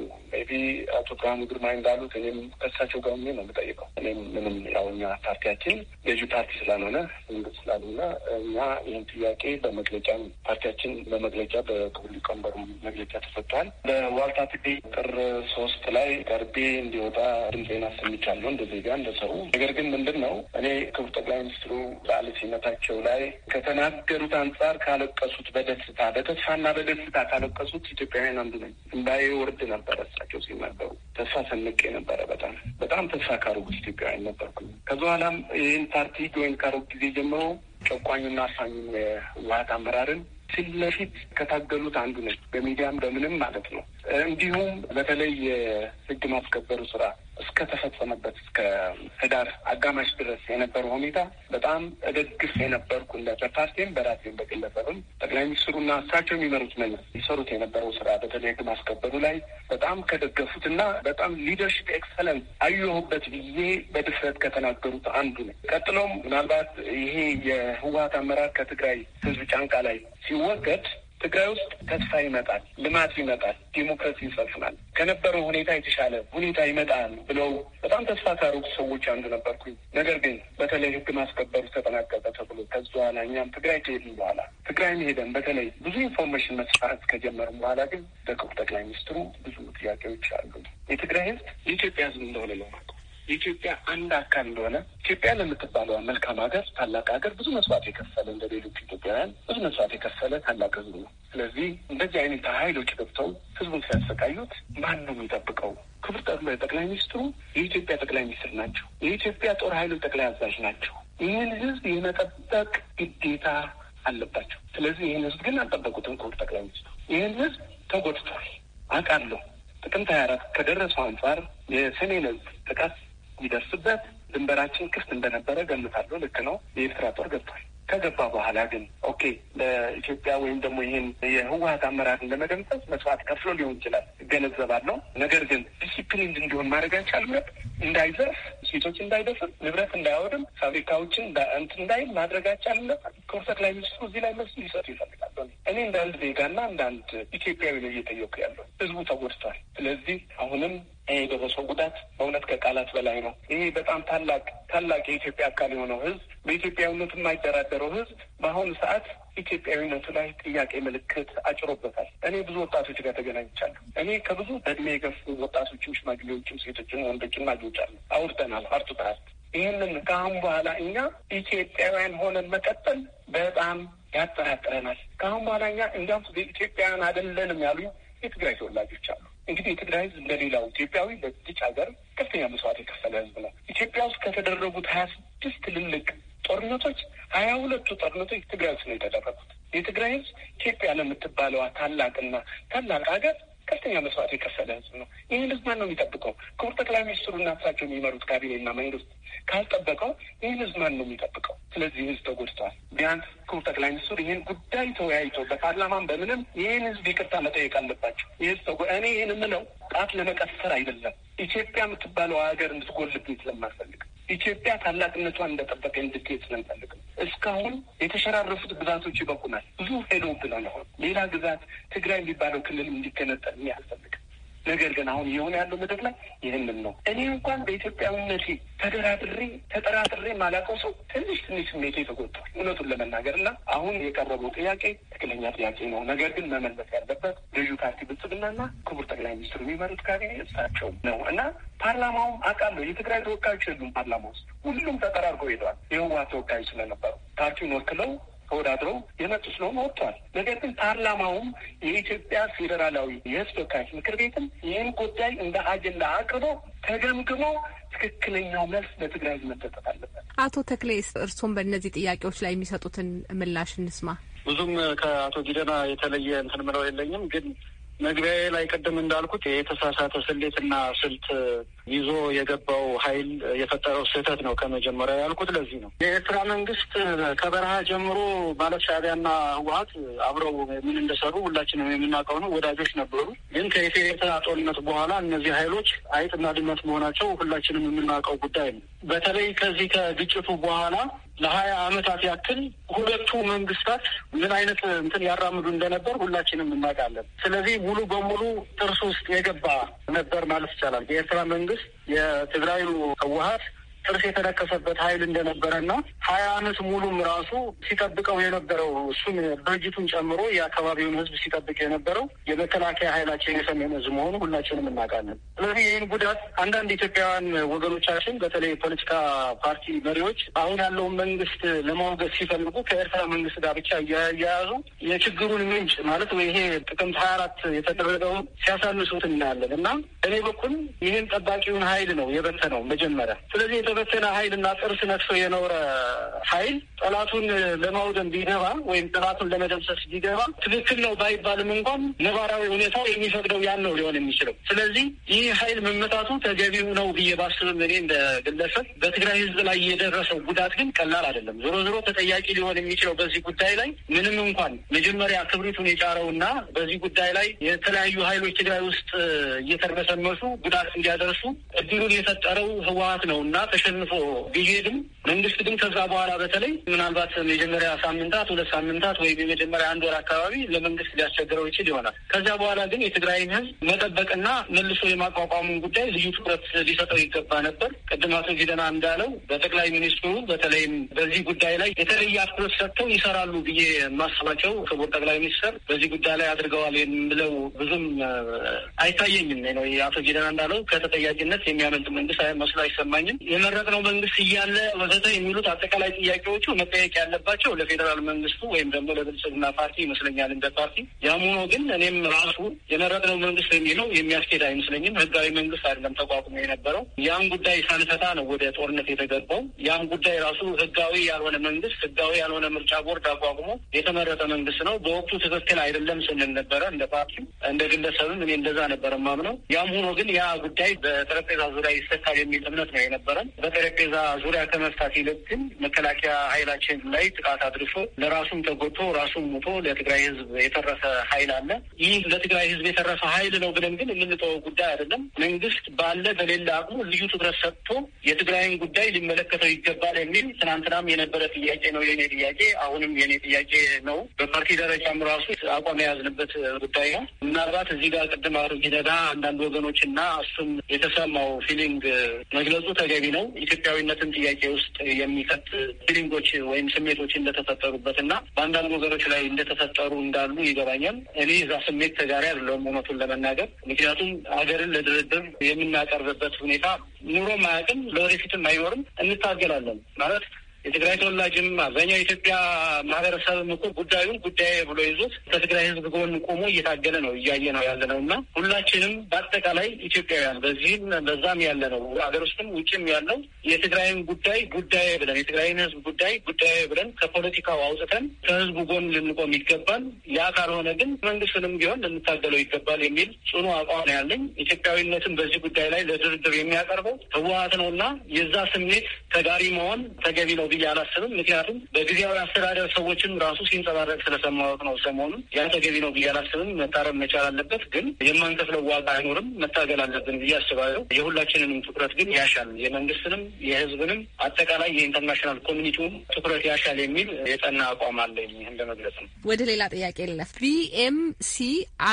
ቢ አቶ ብርሃኑ ግርማ እንዳሉት እኔም ከእሳቸው ጋር ሆኜ ነው የምጠይቀው። እኔም ምንም ያው እኛ ፓርቲያችን ገዢ ፓርቲ ስላልሆነ መንግስት ስላልሆነ እኛ ይህን ጥያቄ በመግለጫ ፓርቲያችን በመግለጫ በክቡር ሊቀመንበሩ መግለጫ ተሰጥቷል። በዋልታ ትግሪ ጥር ሶስት ላይ ቀርቤ እንዲወጣ ድምፄን አሰምቻለሁ እንደ ዜጋ እንደ ሰው። ነገር ግን ምንድን ነው እኔ ክቡር ጠቅላይ ሚኒስትሩ በዓለ ሲመታቸው ላይ ከተናገሩት አንጻር ካለቀሱት በደስታ በተስፋና በደስታ ካለቀሱት ኢትዮጵያ ከታይላንድ ነኝ። እምባዬ ውርድ ነበረ እሳቸው ሲናገሩ። ተስፋ ሰንቄ ነበረ። በጣም በጣም ተስፋ ካሩ ኢትዮጵያ ነበርኩ። ከዚ በኋላም ይህን ፓርቲ ጆይን ካሩ ጊዜ ጀምሮ ጨቋኙና አሳኙ የህወሀት አመራርን ፊት ለፊት ከታገሉት አንዱ ነች። በሚዲያም በምንም ማለት ነው። እንዲሁም በተለይ የህግ ማስከበሩ ስራ እስከተፈጸመበት እስከ ህዳር አጋማሽ ድረስ የነበረው ሁኔታ በጣም እደግፍ የነበርኩ እንደ በፓርቲም በራሴም በግለሰብም ጠቅላይ ሚኒስትሩና እሳቸው የሚመሩት መንግስት ይሰሩት የነበረው ስራ በተለይ ህግ ማስከበሩ ላይ በጣም ከደገፉት እና በጣም ሊደርሽፕ ኤክሰለንስ አየሁበት ብዬ በድፍረት ከተናገሩት አንዱ ነው። ቀጥሎም ምናልባት ይሄ የህወሀት አመራር ከትግራይ ህዝብ ጫንቃ ላይ ሲወገድ ትግራይ ውስጥ ተስፋ ይመጣል፣ ልማት ይመጣል፣ ዲሞክራሲ ይሰፍናል፣ ከነበረው ሁኔታ የተሻለ ሁኔታ ይመጣል ብለው በጣም ተስፋ ካሩት ሰዎች አንዱ ነበርኩኝ። ነገር ግን በተለይ ህግ ማስከበሩ ተጠናቀቀ ተብሎ ከዚ በኋላ እኛም ትግራይ ከሄድን በኋላ ትግራይ ሄደን በተለይ ብዙ ኢንፎርሜሽን መስፋት ከጀመርም በኋላ ግን በክቡር ጠቅላይ ሚኒስትሩ ብዙ ጥያቄዎች አሉ። የትግራይ ህዝብ የኢትዮጵያ ህዝብ እንደሆነ ነው የኢትዮጵያ አንድ አካል እንደሆነ ኢትዮጵያ ለምትባለው መልካም ሀገር ታላቅ ሀገር ብዙ መስዋዕት የከፈለ እንደ ሌሎች ኢትዮጵያውያን ብዙ መስዋዕት የከፈለ ታላቅ ህዝብ ነው። ስለዚህ እንደዚህ አይነት ኃይሎች ገብተው ህዝቡን ሲያሰቃዩት ማን ነው የሚጠብቀው? ክቡር ጠቅላይ ሚኒስትሩ የኢትዮጵያ ጠቅላይ ሚኒስትር ናቸው። የኢትዮጵያ ጦር ኃይሎች ጠቅላይ አዛዥ ናቸው። ይህን ህዝብ የመጠበቅ ግዴታ አለባቸው። ስለዚህ ይህን ህዝብ ግን አልጠበቁትም። ክቡር ጠቅላይ ሚኒስትሩ ይህን ህዝብ ተጎድቷል አውቃለሁ። ጥቅምት ሀያ አራት ከደረሰው አንጻር የሰሜን ህዝብ ጥቃት ሊደርስበት ድንበራችን ክፍት እንደነበረ ገምታለሁ። ልክ ነው። የኤርትራ ጦር ገብቷል። ከገባ በኋላ ግን ኦኬ ለኢትዮጵያ ወይም ደግሞ ይህን የህወሀት አመራር ለመደምሰስ መስዋዕት ከፍሎ ሊሆን ይችላል እገነዘባለሁ። ነገር ግን ዲሲፕሊን እንዲሆን ማድረግ አይቻልም። እንዳይዘርፍ፣ ሴቶች እንዳይደፍር፣ ንብረት እንዳያወድም፣ ፋብሪካዎችን እንትን እንዳይል ማድረግ አይቻልም ነበር። ከውሰት ላይ ሚኒስትሩ እዚህ ላይ መልስ ሊሰጡ ይፈልጋሉ። እኔ እንደ እንዳንድ ዜጋና አንድ ኢትዮጵያዊ ነው እየጠየኩ ያለው። ህዝቡ ተጎድቷል። ስለዚህ አሁንም የደረሰው ጉዳት በእውነት ከቃላት በላይ ነው። ይህ በጣም ታላቅ ታላቅ የኢትዮጵያ አካል የሆነው ህዝብ በኢትዮጵያዊነት የማይደራደረው ህዝብ በአሁኑ ሰዓት ኢትዮጵያዊነቱ ላይ ጥያቄ ምልክት አጭሮበታል። እኔ ብዙ ወጣቶች ጋር ተገናኝቻለሁ። እኔ ከብዙ በእድሜ የገፉ ወጣቶችም፣ ሽማግሌዎችም፣ ሴቶችን፣ ወንዶችን ማግኝቻለሁ። አውርተናል፣ አርቱታል። ይህንን ከአሁን በኋላ እኛ ኢትዮጵያውያን ሆነን መቀጠል በጣም ያጠራጥረናል። ከአሁን በኋላ እኛ እንዲያውም ኢትዮጵያውያን አይደለንም ያሉ የትግራይ ተወላጆች አሉ። እንግዲህ የትግራይ ህዝብ እንደሌላው ኢትዮጵያዊ ለዚች ሀገር ከፍተኛ መስዋዕት የከፈለ ህዝብ ነው። ኢትዮጵያ ውስጥ ከተደረጉት ሀያ ስድስት ትልልቅ ጦርነቶች ሀያ ሁለቱ ጦርነቶች ትግራይ ውስጥ ነው የተደረጉት። የትግራይ ህዝብ ኢትዮጵያ ለምትባለዋ ታላቅና ታላቅ ሀገር ከፍተኛ መስዋዕት የከፈለ ህዝብ ነው። ይህን ህዝብ ማን ነው የሚጠብቀው? ክቡር ጠቅላይ ሚኒስትሩና እሳቸው የሚመሩት ካቢኔና መንግስት ካልጠበቀው ይህን ህዝብ ማን ነው የሚጠብቀው? ስለዚህ ህዝብ ተጎድቷል። ቢያንስ ክቡር ጠቅላይ ሚኒስትሩ ይህን ጉዳይ ተወያይቶ በፓርላማን በምንም ይህን ህዝብ ይቅርታ መጠየቅ አለባቸው። ይህ ተጎ እኔ ይህን የምለው ጣት ለመቀሰር አይደለም። ኢትዮጵያ የምትባለው ሀገር እንድትጎልብኝ ስለማልፈልግ ኢትዮጵያ ታላቅነቷን እንደጠበቀ እንድትሄድ ስለንፈልግ ነው። እስካሁን የተሸራረፉት ግዛቶች ይበቁናል። ብዙ ሄዶ ብለን ሌላ ግዛት ትግራይ የሚባለው ክልል እንዲገነጠል የሚያስፈልግ ነገር ግን አሁን እየሆነ ያለው ምድር ላይ ይህንን ነው። እኔ እንኳን በኢትዮጵያዊነቴ ተደራድሬ ተጠራጥሬ ማላውቀው ሰው ትንሽ ትንሽ ስሜቴ ተጎድቷል፣ እውነቱን ለመናገር እና አሁን የቀረበው ጥያቄ ትክክለኛ ጥያቄ ነው። ነገር ግን መመለስ ያለበት ልዩ ፓርቲ ብልጽግናና ክቡር ጠቅላይ ሚኒስትሩ የሚመሩት ካቢኔ እሳቸው ነው እና ፓርላማውም አውቃለሁ የትግራይ ተወካዮች የሉም ፓርላማ ውስጥ ሁሉም ተጠራርገው ሄደዋል። የህወሓት ተወካዮች ስለነበሩ ፓርቲውን ወክለው ተወዳድረው የመጡ ስለሆነ ወጥቷል። ነገር ግን ፓርላማውም የኢትዮጵያ ፌዴራላዊ የሕዝብ ተወካዮች ምክር ቤትም ይህን ጉዳይ እንደ አጀንዳ አቅርቦ ተገምግሞ ትክክለኛው መልስ ለትግራይ መሰጠት አለበት። አቶ ተክሌስ እርስዎም በእነዚህ ጥያቄዎች ላይ የሚሰጡትን ምላሽ እንስማ። ብዙም ከአቶ ጊደና የተለየ እንትን ምለው የለኝም። ግን መግቢያዬ ላይ ቅድም እንዳልኩት የተሳሳተ ስሌትና ስልት ይዞ የገባው ኃይል የፈጠረው ስህተት ነው ከመጀመሪያ ያልኩት ለዚህ ነው። የኤርትራ መንግስት ከበረሃ ጀምሮ ማለት ሻዕቢያና ህወሀት አብረው ምን እንደሰሩ ሁላችንም የምናውቀው ነው። ወዳጆች ነበሩ። ግን ከኢትዮ ኤርትራ ጦርነት በኋላ እነዚህ ኃይሎች አይጥና ድመት መሆናቸው ሁላችንም የምናውቀው ጉዳይ ነው። በተለይ ከዚህ ከግጭቱ በኋላ ለሀያ አመታት ያክል ሁለቱ መንግስታት ምን አይነት እንትን ያራምዱ እንደነበር ሁላችንም እናውቃለን። ስለዚህ ሙሉ በሙሉ ጥርስ ውስጥ የገባ ነበር ማለት ይቻላል የኤርትራ መንግስት የትግራዩ ህወሀት ጥርስ የተለከሰበት ኃይል እንደነበረና ሀያ አመት ሙሉም ራሱ ሲጠብቀው የነበረው እሱን ድርጅቱን ጨምሮ የአካባቢውን ህዝብ ሲጠብቅ የነበረው የመከላከያ ኃይላችን የሰሜን ህዝብ መሆኑ ሁላችንም እናውቃለን። ስለዚህ ይህን ጉዳት አንዳንድ ኢትዮጵያውያን ወገኖቻችን በተለይ የፖለቲካ ፓርቲ መሪዎች አሁን ያለውን መንግስት ለማውገዝ ሲፈልጉ ከኤርትራ መንግስት ጋር ብቻ እያያዙ የችግሩን ምንጭ ማለት ወይ ይሄ ጥቅምት ሀያ አራት የተደረገውን ሲያሳንሱት እናያለን እና እኔ በኩል ይህን ጠባቂውን ኃይል ነው የበተነው መጀመሪያ ስለዚህ የተበተነ ኃይልና እና ጥርስ ነክሶ የኖረ ኃይል ጠላቱን ለማውደም ቢገባ ወይም ጠላቱን ለመደምሰስ ቢገባ ትክክል ነው ባይባልም እንኳን ነባራዊ ሁኔታ የሚፈቅደው ያን ነው ሊሆን የሚችለው። ስለዚህ ይህ ኃይል መመታቱ ተገቢው ነው ብዬ ባስብም እኔ እንደ ግለሰብ በትግራይ ሕዝብ ላይ የደረሰው ጉዳት ግን ቀላል አይደለም። ዞሮ ዞሮ ተጠያቂ ሊሆን የሚችለው በዚህ ጉዳይ ላይ ምንም እንኳን መጀመሪያ ክብሪቱን የጫረው እና በዚህ ጉዳይ ላይ የተለያዩ ኃይሎች ትግራይ ውስጥ እየተርመሰመሱ ጉዳት እንዲያደርሱ እድሉን የፈጠረው ህወሀት ነው እና ተሸንፎ ቢሄድም መንግስት ግን ከዛ በኋላ በተለይ ምናልባት መጀመሪያ ሳምንታት ሁለት ሳምንታት ወይም የመጀመሪያ አንድ ወር አካባቢ ለመንግስት ሊያስቸግረው ይችል ይሆናል። ከዚያ በኋላ ግን የትግራይን ህዝብ መጠበቅና መልሶ የማቋቋሙን ጉዳይ ልዩ ትኩረት ሊሰጠው ይገባ ነበር። ቅድም አቶ ጊደና እንዳለው በጠቅላይ ሚኒስትሩ በተለይም በዚህ ጉዳይ ላይ የተለየ አትኩሮት ሰጥተው ይሰራሉ ብዬ ማስባቸው ክቡር ጠቅላይ ሚኒስትር በዚህ ጉዳይ ላይ አድርገዋል የምለው ብዙም አይታየኝም ነው። አቶ ጊደና እንዳለው ከተጠያቂነት የሚያመልጥ መንግስት መስሎ አይሰማኝም። ነው መንግስት እያለ ወዘተ የሚሉት አጠቃላይ ጥያቄዎቹ መጠየቅ ያለባቸው ለፌዴራል መንግስቱ ወይም ደግሞ ለብልጽግና ፓርቲ ይመስለኛል እንደ ፓርቲ። ያም ሆኖ ግን እኔም ራሱ ነው መንግስት የሚለው የሚያስኬድ አይመስለኝም። ህጋዊ መንግስት አይደለም ተቋቁሞ የነበረው። ያም ጉዳይ ሳንፈታ ነው ወደ ጦርነት የተገባው። ያም ጉዳይ ራሱ ህጋዊ ያልሆነ መንግስት ህጋዊ ያልሆነ ምርጫ ቦርድ አቋቁሞ የተመረጠ መንግስት ነው። በወቅቱ ትክክል አይደለም ስንል ነበረ እንደ ፓርቲ እንደ ግለሰብም እኔ እንደዛ ነበረ ማምነው። ያም ሆኖ ግን ያ ጉዳይ በጠረጴዛ ዙሪያ ይሰካል የሚል እምነት ነው የነበረን። በጠረጴዛ ዙሪያ ከመፍታት ይልቅ ግን መከላከያ ኃይላችን ላይ ጥቃት አድርሶ ለራሱም ተጎድቶ ራሱም ሙቶ ለትግራይ ህዝብ የተረፈ ኃይል አለ። ይህ ለትግራይ ህዝብ የተረፈ ኃይል ነው ብለን ግን የምንጠወው ጉዳይ አይደለም። መንግስት ባለ በሌላ አቅሙ ልዩ ትኩረት ሰጥቶ የትግራይን ጉዳይ ሊመለከተው ይገባል የሚል ትናንትናም የነበረ ጥያቄ ነው የኔ ጥያቄ፣ አሁንም የኔ ጥያቄ ነው። በፓርቲ ደረጃም ራሱ አቋም የያዝንበት ጉዳይ ነው። ምናልባት እዚህ ጋር ቅድም አቶ ጊደዳ አንዳንድ ወገኖች ና እሱም የተሰማው ፊሊንግ መግለጹ ተገቢ ነው። ኢትዮጵያዊነትን ጥያቄ ውስጥ የሚከት ፊሊንጎች ወይም ስሜቶች እንደተፈጠሩበት እና በአንዳንድ ወገኖች ላይ እንደተፈጠሩ እንዳሉ ይገባኛል። እኔ እዛ ስሜት ተጋሪ አይደለሁም እውነቱን ለመናገር ምክንያቱም ሀገርን ለድርድር የምናቀርብበት ሁኔታ ኑሮም አያውቅም፣ ለወደፊትም አይኖርም። እንታገላለን ማለት የትግራይ ተወላጅም አብዛኛው የኢትዮጵያ ማህበረሰብም እኮ ጉዳዩን ጉዳይ ብሎ ይዞት ከትግራይ ህዝብ ጎን ቆሞ እየታገለ ነው እያየ ነው ያለ ነው እና ሁላችንም በአጠቃላይ ኢትዮጵያውያን በዚህም በዛም ያለ ነው ሀገር ውስጥም ውጭም ያለው የትግራይን ጉዳይ ጉዳይ ብለን የትግራይን ህዝብ ጉዳይ ጉዳይ ብለን ከፖለቲካው አውጥተን ከህዝቡ ጎን ልንቆም ይገባል። ያ ካልሆነ ግን መንግስትንም ቢሆን ልንታገለው ይገባል የሚል ጽኑ አቋም ነው ያለኝ። ኢትዮጵያዊነትን በዚህ ጉዳይ ላይ ለድርድር የሚያቀርበው ህወሀት ነው እና የዛ ስሜት ተጋሪ መሆን ተገቢ ነው ብዬ አላስብም። ምክንያቱም በጊዜያዊ አስተዳደር ሰዎችን ራሱ ሲንጸባረቅ ስለሰማሁት ነው ሰሞኑን። ያ ተገቢ ነው ብዬ አላስብም። መታረም መቻል አለበት፣ ግን የማንከፍለው ዋጋ አይኖርም። መታገል አለብን ብዬ አስባለሁ። የሁላችንንም ትኩረት ግን ያሻል፣ የመንግስትንም፣ የህዝብንም፣ አጠቃላይ የኢንተርናሽናል ኮሚኒቲውን ትኩረት ያሻል የሚል የጠና አቋም አለኝ። ለመግለጽ ነው። ወደ ሌላ ጥያቄ ልለፍ። ቢኤምሲ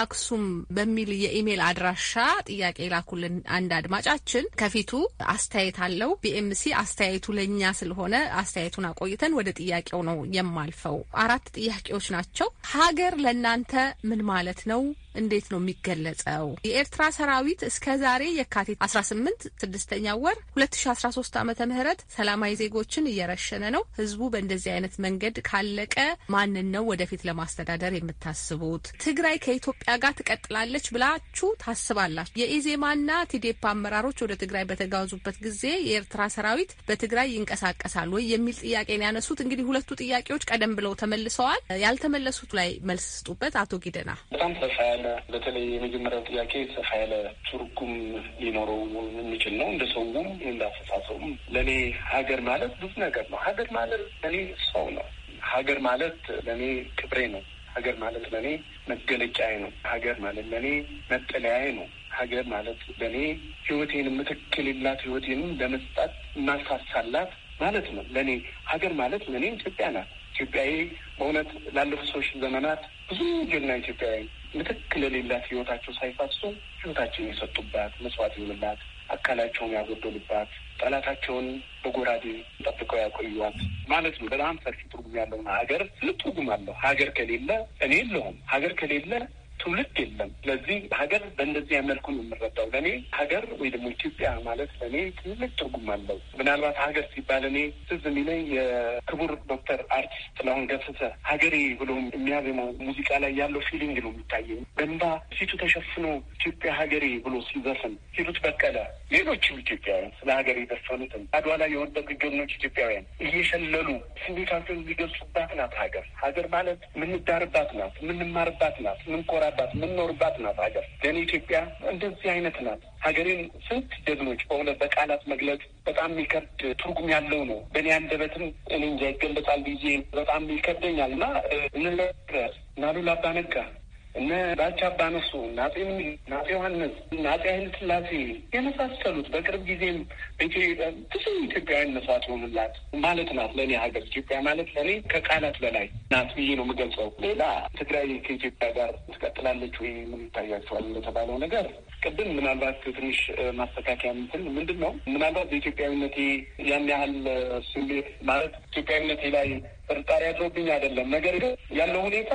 አክሱም በሚል የኢሜል አድራሻ ጥያቄ ላኩልን አንድ አድማጫችን። ከፊቱ አስተያየት አለው። ቢኤምሲ አስተያየቱ ለእኛ ስለሆነ አስተያየቱን አቆይተን ወደ ጥያቄው ነው የማልፈው። አራት ጥያቄዎች ናቸው። ሀገር ለእናንተ ምን ማለት ነው? እንዴት ነው የሚገለጸው? የኤርትራ ሰራዊት እስከ ዛሬ የካቲት 18 ስድስተኛ ወር 2013 ዓመተ ምህረት ሰላማዊ ዜጎችን እየረሸነ ነው። ህዝቡ በእንደዚህ አይነት መንገድ ካለቀ ማንን ነው ወደፊት ለማስተዳደር የምታስቡት? ትግራይ ከኢትዮጵያ ጋር ትቀጥላለች ብላችሁ ታስባላችሁ? የኢዜማና ቲዴፓ አመራሮች ወደ ትግራይ በተጓዙበት ጊዜ የኤርትራ ሰራዊት በትግራይ ይንቀሳቀሳል ወይ የሚል ጥያቄ ያነሱት። እንግዲህ ሁለቱ ጥያቄዎች ቀደም ብለው ተመልሰዋል። ያልተመለሱት ላይ መልስ ስጡበት። አቶ ጊደና በጣም ሰፋ በተለይ የመጀመሪያው ጥያቄ ሰፋ ያለ ትርጉም ሊኖረው የሚችል ነው። እንደ ሰውም እንደ አስተሳሰቡም ለእኔ ሀገር ማለት ብዙ ነገር ነው። ሀገር ማለት ለእኔ ሰው ነው። ሀገር ማለት ለእኔ ክብሬ ነው። ሀገር ማለት ለእኔ መገለጫዬ ነው። ሀገር ማለት ለእኔ መጠለያዬ ነው። ሀገር ማለት ለእኔ ህይወቴን የምትክልላት ህይወቴን ለመስጣት ማሳሳላት ማለት ነው። ለእኔ ሀገር ማለት ለእኔ ኢትዮጵያ ናት። ኢትዮጵያዊ በእውነት ላለፉት ሰዎች ዘመናት ብዙ ጀግና ኢትዮጵያውያን ምትክል የሌላት ህይወታቸው ሳይፋሱ ህይወታቸውን የሰጡባት መስዋዕት ይሆንላት አካላቸውን ያጎደሉባት ጠላታቸውን በጎራዴ ጠብቀው ያቆዩዋት ማለት ነው። በጣም ሰፊ ትርጉም ያለው ሀገር ትልቅ ትርጉም አለው። ሀገር ከሌለ እኔ የለሁም። ሀገር ከሌለ ትውልድ የለም። ስለዚህ ሀገር በእንደዚህ መልኩ ነው የምረዳው። ለእኔ ሀገር ወይ ደግሞ ኢትዮጵያ ማለት ለእኔ ትልቅ ትርጉም አለው። ምናልባት ሀገር ሲባል እኔ ትዝ የሚለኝ የክቡር ዶክተር አርቲስት ጥላሁን ገሰሰ ሀገሬ ብሎ የሚያዜመው ሙዚቃ ላይ ያለው ፊሊንግ ነው የሚታየኝ። በእንባ ፊቱ ተሸፍኖ ኢትዮጵያ ሀገሬ ብሎ ሲዘፍን ሂሩት በቀለ፣ ሌሎችም ኢትዮጵያውያን ስለ ሀገር የዘፈኑትን አድዋ ላይ የወደቁ ጀግኖች ኢትዮጵያውያን እየሸለሉ ስሜታቸውን የሚገልጹባት ናት ሀገር። ሀገር ማለት የምንዳርባት ናት፣ የምንማርባት ናት፣ ምንኮራ የምንኮራባት የምንኖርባት ናት ሀገር። ለእኔ ኢትዮጵያ እንደዚህ አይነት ናት። ሀገሬን ስንት ደግሞች በእውነት በቃላት መግለጽ በጣም የሚከብድ ትርጉም ያለው ነው። በእኔ አንደበትም እኔ እንጃ ይገለጻል ብዬ በጣም ይከብደኛል እና እንለ ናሉላ ነጋ እነ ባልቻ አባነሱ እና አፄ ምኒልክ፣ ዮሐንስ ኃይለ ሥላሴ የመሳሰሉት በቅርብ ጊዜም ብዙ ኢትዮጵያውያን መስዋዕት ሆኑላት ማለት ናት። ለእኔ ሀገር ኢትዮጵያ ማለት ለእኔ ከቃላት በላይ ናት ብዬ ነው የምገልጸው። ሌላ ትግራይ ከኢትዮጵያ ጋር ትቀጥላለች ወይ ምን ይታያቸዋል ለተባለው ነገር ቅድም ምናልባት ትንሽ ማስተካከያ ምትል ምንድን ነው ምናልባት በኢትዮጵያዊነቴ ያን ያህል ስሜት ማለት ኢትዮጵያዊነቴ ላይ ጥርጣሬ አድሮብኝ አይደለም። ነገር ግን ያለው ሁኔታ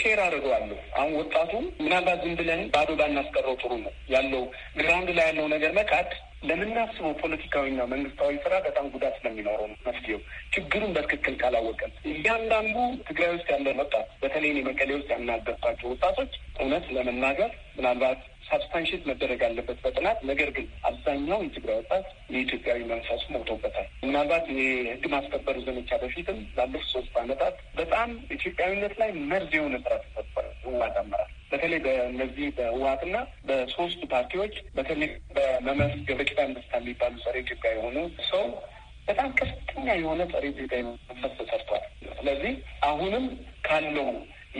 ሼር አድርገዋለሁ። አሁን ወጣቱ ምናልባት ዝም ብለን ባዶ ባናስቀረው ጥሩ ነው። ያለው ግራውንድ ላይ ያለው ነገር መካድ ለምናስበው ፖለቲካዊና መንግስታዊ ስራ በጣም ጉዳት ስለሚኖረው ነው። መፍትሄው ችግሩን በትክክል ካላወቀን እያንዳንዱ ትግራይ ውስጥ ያለ ወጣት በተለይ እኔ መቀሌ ውስጥ ያናገርኳቸው ወጣቶች እውነት ለመናገር ምናልባት ሳብስታንሽት መደረግ አለበት በጥናት ነገር ግን አብዛኛው የትግራይ ወጣት የኢትዮጵያዊ መንፈስ ሞቶበታል። ምናልባት የህግ ማስከበር ዘመቻ በፊትም ላለፉ ሶስት አመታት በጣም ኢትዮጵያዊነት ላይ መርዝ የሆነ ስራ ተፈጠረ። ህወሓት አመራር በተለይ በእነዚህ በህወሓትና በሶስቱ ፓርቲዎች በተለይ በመመስ ገበቂታን ደስታ የሚባሉ ጸረ ኢትዮጵያ የሆኑ ሰው በጣም ከፍተኛ የሆነ ጸረ ኢትዮጵያ መንፈስ ተሰርቷል። ስለዚህ አሁንም ካለው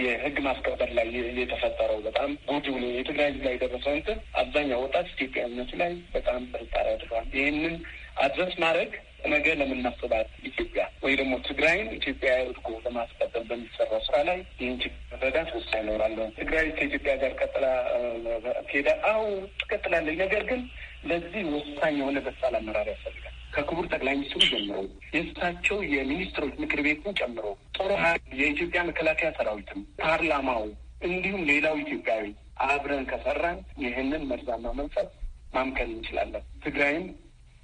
የህግ ማስከበር ላይ የተፈጠረው በጣም ጉድ ሆኖ የትግራይ ህዝብ ላይ የደረሰው እንትን አብዛኛው ወጣት ኢትዮጵያዊነቱ ላይ በጣም ጥርጣሬ አድሯል። ይህንን አድረስ ማድረግ ነገ ለምናስባት ኢትዮጵያ ወይ ደግሞ ትግራይን ኢትዮጵያ እድጎ ለማስቀጠል በሚሰራው ስራ ላይ ይህን ችግር መረዳት ውሳ ነው ትግራይ ከኢትዮጵያ ጋር ቀጥላ ትሄዳ? አዎ ትቀጥላለች። ነገር ግን ለዚህ ወሳኝ የሆነ በሳል አመራር ያሰል ከክቡር ጠቅላይ ሚኒስትሩ ጀምሮ የእሳቸው የሚኒስትሮች ምክር ቤቱን ጨምሮ ጦር የኢትዮጵያ መከላከያ ሰራዊትም ፓርላማው፣ እንዲሁም ሌላው ኢትዮጵያዊ አብረን ከሰራን ይህንን መርዛማ መንፈስ ማምከል እንችላለን። ትግራይም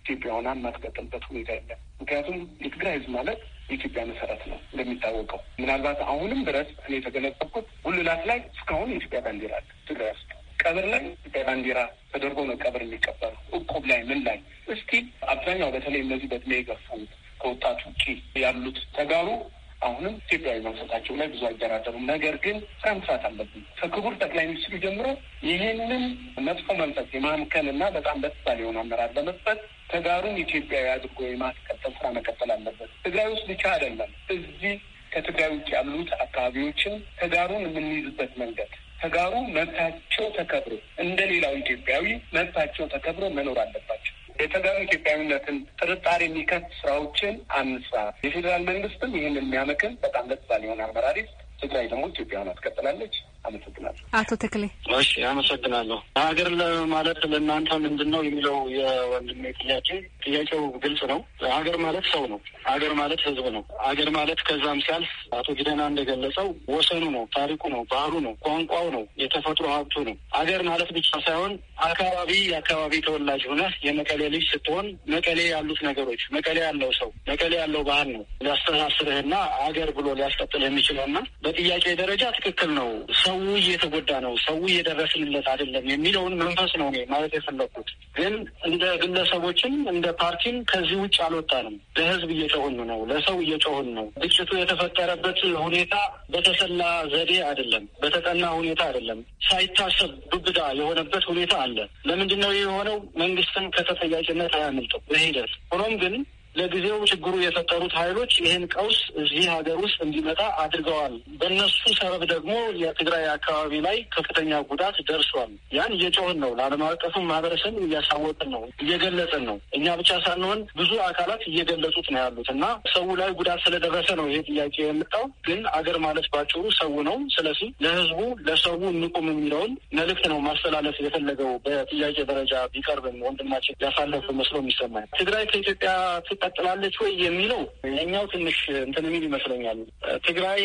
ኢትዮጵያ ሆና የማትቀጥልበት ሁኔታ የለም። ምክንያቱም የትግራይ ህዝብ ማለት የኢትዮጵያ መሰረት ነው። እንደሚታወቀው ምናልባት አሁንም ድረስ እኔ የተገለጸኩት ጉልላት ላይ እስካሁን የኢትዮጵያ ባንዲራ ትግራይ ውስጥ ቀብር ላይ በባንዲራ ተደርጎ ነው ቀብር የሚቀበረው። እቁብ ላይ ምን ላይ እስቲ አብዛኛው በተለይ እነዚህ በዕድሜ የገፉት ከወጣት ውጪ ያሉት ተጋሩ አሁንም ኢትዮጵያዊ መንሰታቸው ላይ ብዙ አይደራደሩም። ነገር ግን ስራ መስራት አለብን። ከክቡር ጠቅላይ ሚኒስትሩ ጀምሮ ይህንን መጥፎ መንፈስ የማምከን እና በጣም በተሳል የሆነ አመራር ለመስጠት ተጋሩን ኢትዮጵያዊ አድርጎ የማስቀጠል ስራ መቀጠል አለበት። ትግራይ ውስጥ ብቻ አይደለም፣ እዚህ ከትግራይ ውጭ ያሉት አካባቢዎችን ተጋሩን የምንይዝበት መንገድ ተጋሩ መብታቸው ተከብሮ እንደ ሌላው ኢትዮጵያዊ መብታቸው ተከብሮ መኖር አለባቸው። የተጋሩ ኢትዮጵያዊነትን ጥርጣሬ የሚከት ስራዎችን አንስራ። የፌዴራል መንግስትም ይህን የሚያመክን በጣም ለጥፋል የሆነ አመራሪ ትግራይ ደግሞ ኢትዮጵያን አስቀጥላለች። አመሰግናለሁ። አቶ ተክሌ። እሺ አመሰግናለሁ። ሀገር ማለት ለእናንተ ምንድን ነው የሚለው የወንድሜ ጥያቄ ጥያቄው ግልጽ ነው። ሀገር ማለት ሰው ነው። ሀገር ማለት ህዝብ ነው። ሀገር ማለት ከዛም ሲያልፍ አቶ ጊደና እንደገለጸው ወሰኑ ነው፣ ታሪኩ ነው፣ ባህሉ ነው፣ ቋንቋው ነው፣ የተፈጥሮ ሀብቱ ነው። ሀገር ማለት ብቻ ሳይሆን አካባቢ የአካባቢ ተወላጅ ሆነ የመቀሌ ልጅ ስትሆን መቀሌ ያሉት ነገሮች መቀሌ ያለው ሰው መቀሌ ያለው ባህል ነው ሊያስተሳስርህና ሀገር ብሎ ሊያስቀጥልህ የሚችለውና በጥያቄ ደረጃ ትክክል ነው። ሰው እየተጎ እየተጎዳ ነው፣ ሰው እየደረስንለት አይደለም የሚለውን መንፈስ ነው ማለት የፈለኩት። ግን እንደ ግለሰቦችም እንደ ፓርቲም ከዚህ ውጭ አልወጣንም። ለህዝብ እየጮህን ነው፣ ለሰው እየጮህን ነው። ግጭቱ የተፈጠረበት ሁኔታ በተሰላ ዘዴ አይደለም፣ በተጠና ሁኔታ አይደለም። ሳይታሰብ ዱብዳ የሆነበት ሁኔታ አለ። ለምንድን ነው የሆነው? መንግስትን ከተጠያቂነት አያመልጥም በሂደት ሆኖም ግን ለጊዜው ችግሩ የፈጠሩት ኃይሎች ይህን ቀውስ እዚህ ሀገር ውስጥ እንዲመጣ አድርገዋል። በእነሱ ሰበብ ደግሞ የትግራይ አካባቢ ላይ ከፍተኛ ጉዳት ደርሷል። ያን እየጮህን ነው። ለዓለም አቀፉ ማህበረሰብ እያሳወቅን ነው፣ እየገለጽን ነው። እኛ ብቻ ሳንሆን ብዙ አካላት እየገለጹት ነው ያሉት እና ሰው ላይ ጉዳት ስለደረሰ ነው ይሄ ጥያቄ የመጣው። ግን አገር ማለት ባጭሩ ሰው ነው። ስለዚህ ለህዝቡ ለሰው እንቁም የሚለውን መልእክት ነው ማስተላለፍ የፈለገው በጥያቄ ደረጃ ቢቀርብም ወንድማችን ያሳለፉ መስሎ የሚሰማኝ ትግራይ ከኢትዮጵያ ትቀጥላለች ወይ የሚለው እኛው ትንሽ እንትን የሚል ይመስለኛል። ትግራይ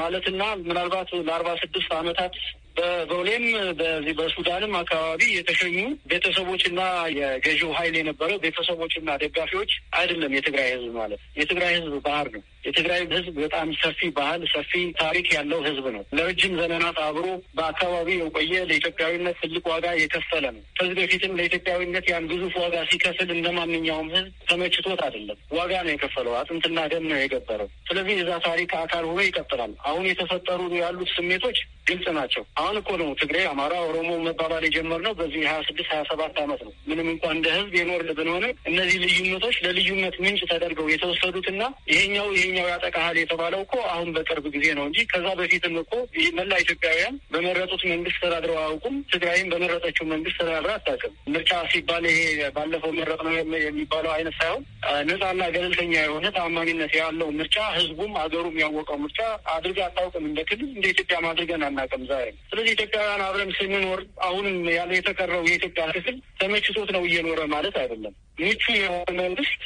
ማለትና ምናልባት ለአርባ ስድስት ዓመታት በቦሌም በዚህ በሱዳንም አካባቢ የተሸኙ ቤተሰቦችና የገዢው ኃይል የነበረው ቤተሰቦችና ደጋፊዎች አይደለም። የትግራይ ህዝብ ማለት የትግራይ ህዝብ ባህር ነው። የትግራይ ህዝብ በጣም ሰፊ ባህል፣ ሰፊ ታሪክ ያለው ህዝብ ነው። ለረጅም ዘመናት አብሮ በአካባቢው የቆየ ለኢትዮጵያዊነት ትልቅ ዋጋ የከፈለ ነው። ከዚህ በፊትም ለኢትዮጵያዊነት ያን ግዙፍ ዋጋ ሲከፍል እንደ ማንኛውም ህዝብ ተመችቶት አይደለም፣ ዋጋ ነው የከፈለው። አጥንትና ደም ነው የገበረው። ስለዚህ የዛ ታሪክ አካል ሆኖ ይቀጥላል። አሁን የተፈጠሩ ያሉት ስሜቶች ግልጽ ናቸው። አሁን እኮ ነው ትግሬ፣ አማራ፣ ኦሮሞ መባባል የጀመርነው በዚህ ሀያ ስድስት ሀያ ሰባት ዓመት ነው። ምንም እንኳ እንደ ህዝብ የኖርን ብንሆን እነዚህ ልዩነቶች ለልዩነት ምንጭ ተደርገው የተወሰዱትና ይሄኛው ይሄኛው ያጠቃሃል የተባለው እኮ አሁን በቅርብ ጊዜ ነው እንጂ ከዛ በፊትም እኮ መላ ኢትዮጵያውያን በመረጡት መንግስት ተዳድረው አያውቁም። ትግራይም በመረጠችው መንግስት ተዳድረው አታውቅም። ምርጫ ሲባል ይሄ ባለፈው መረጥ ነው የሚባለው አይነት ሳይሆን ነጻና ገለልተኛ የሆነ ታማኝነት ያለው ምርጫ ህዝቡም ሀገሩም ያወቀው ምርጫ አድርገ አታውቅም። እንደ ክልል እንደ ኢትዮጵያ አድርገን አና አናውቅም ዛሬ። ስለዚህ ኢትዮጵያውያን አብረን ስንኖር አሁንም ያለ የተቀረው የኢትዮጵያ ክፍል ተመችቶት ነው እየኖረ ማለት አይደለም። ምቹ የሆነ መንግስት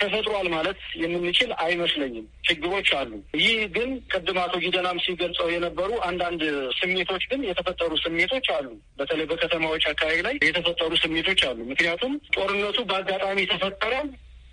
ተፈጥሯል ማለት የምንችል አይመስለኝም። ችግሮች አሉ። ይህ ግን ቅድም አቶ ጊደናም ሲገልጸው የነበሩ አንዳንድ ስሜቶች ግን የተፈጠሩ ስሜቶች አሉ። በተለይ በከተማዎች አካባቢ ላይ የተፈጠሩ ስሜቶች አሉ። ምክንያቱም ጦርነቱ በአጋጣሚ ተፈጠረ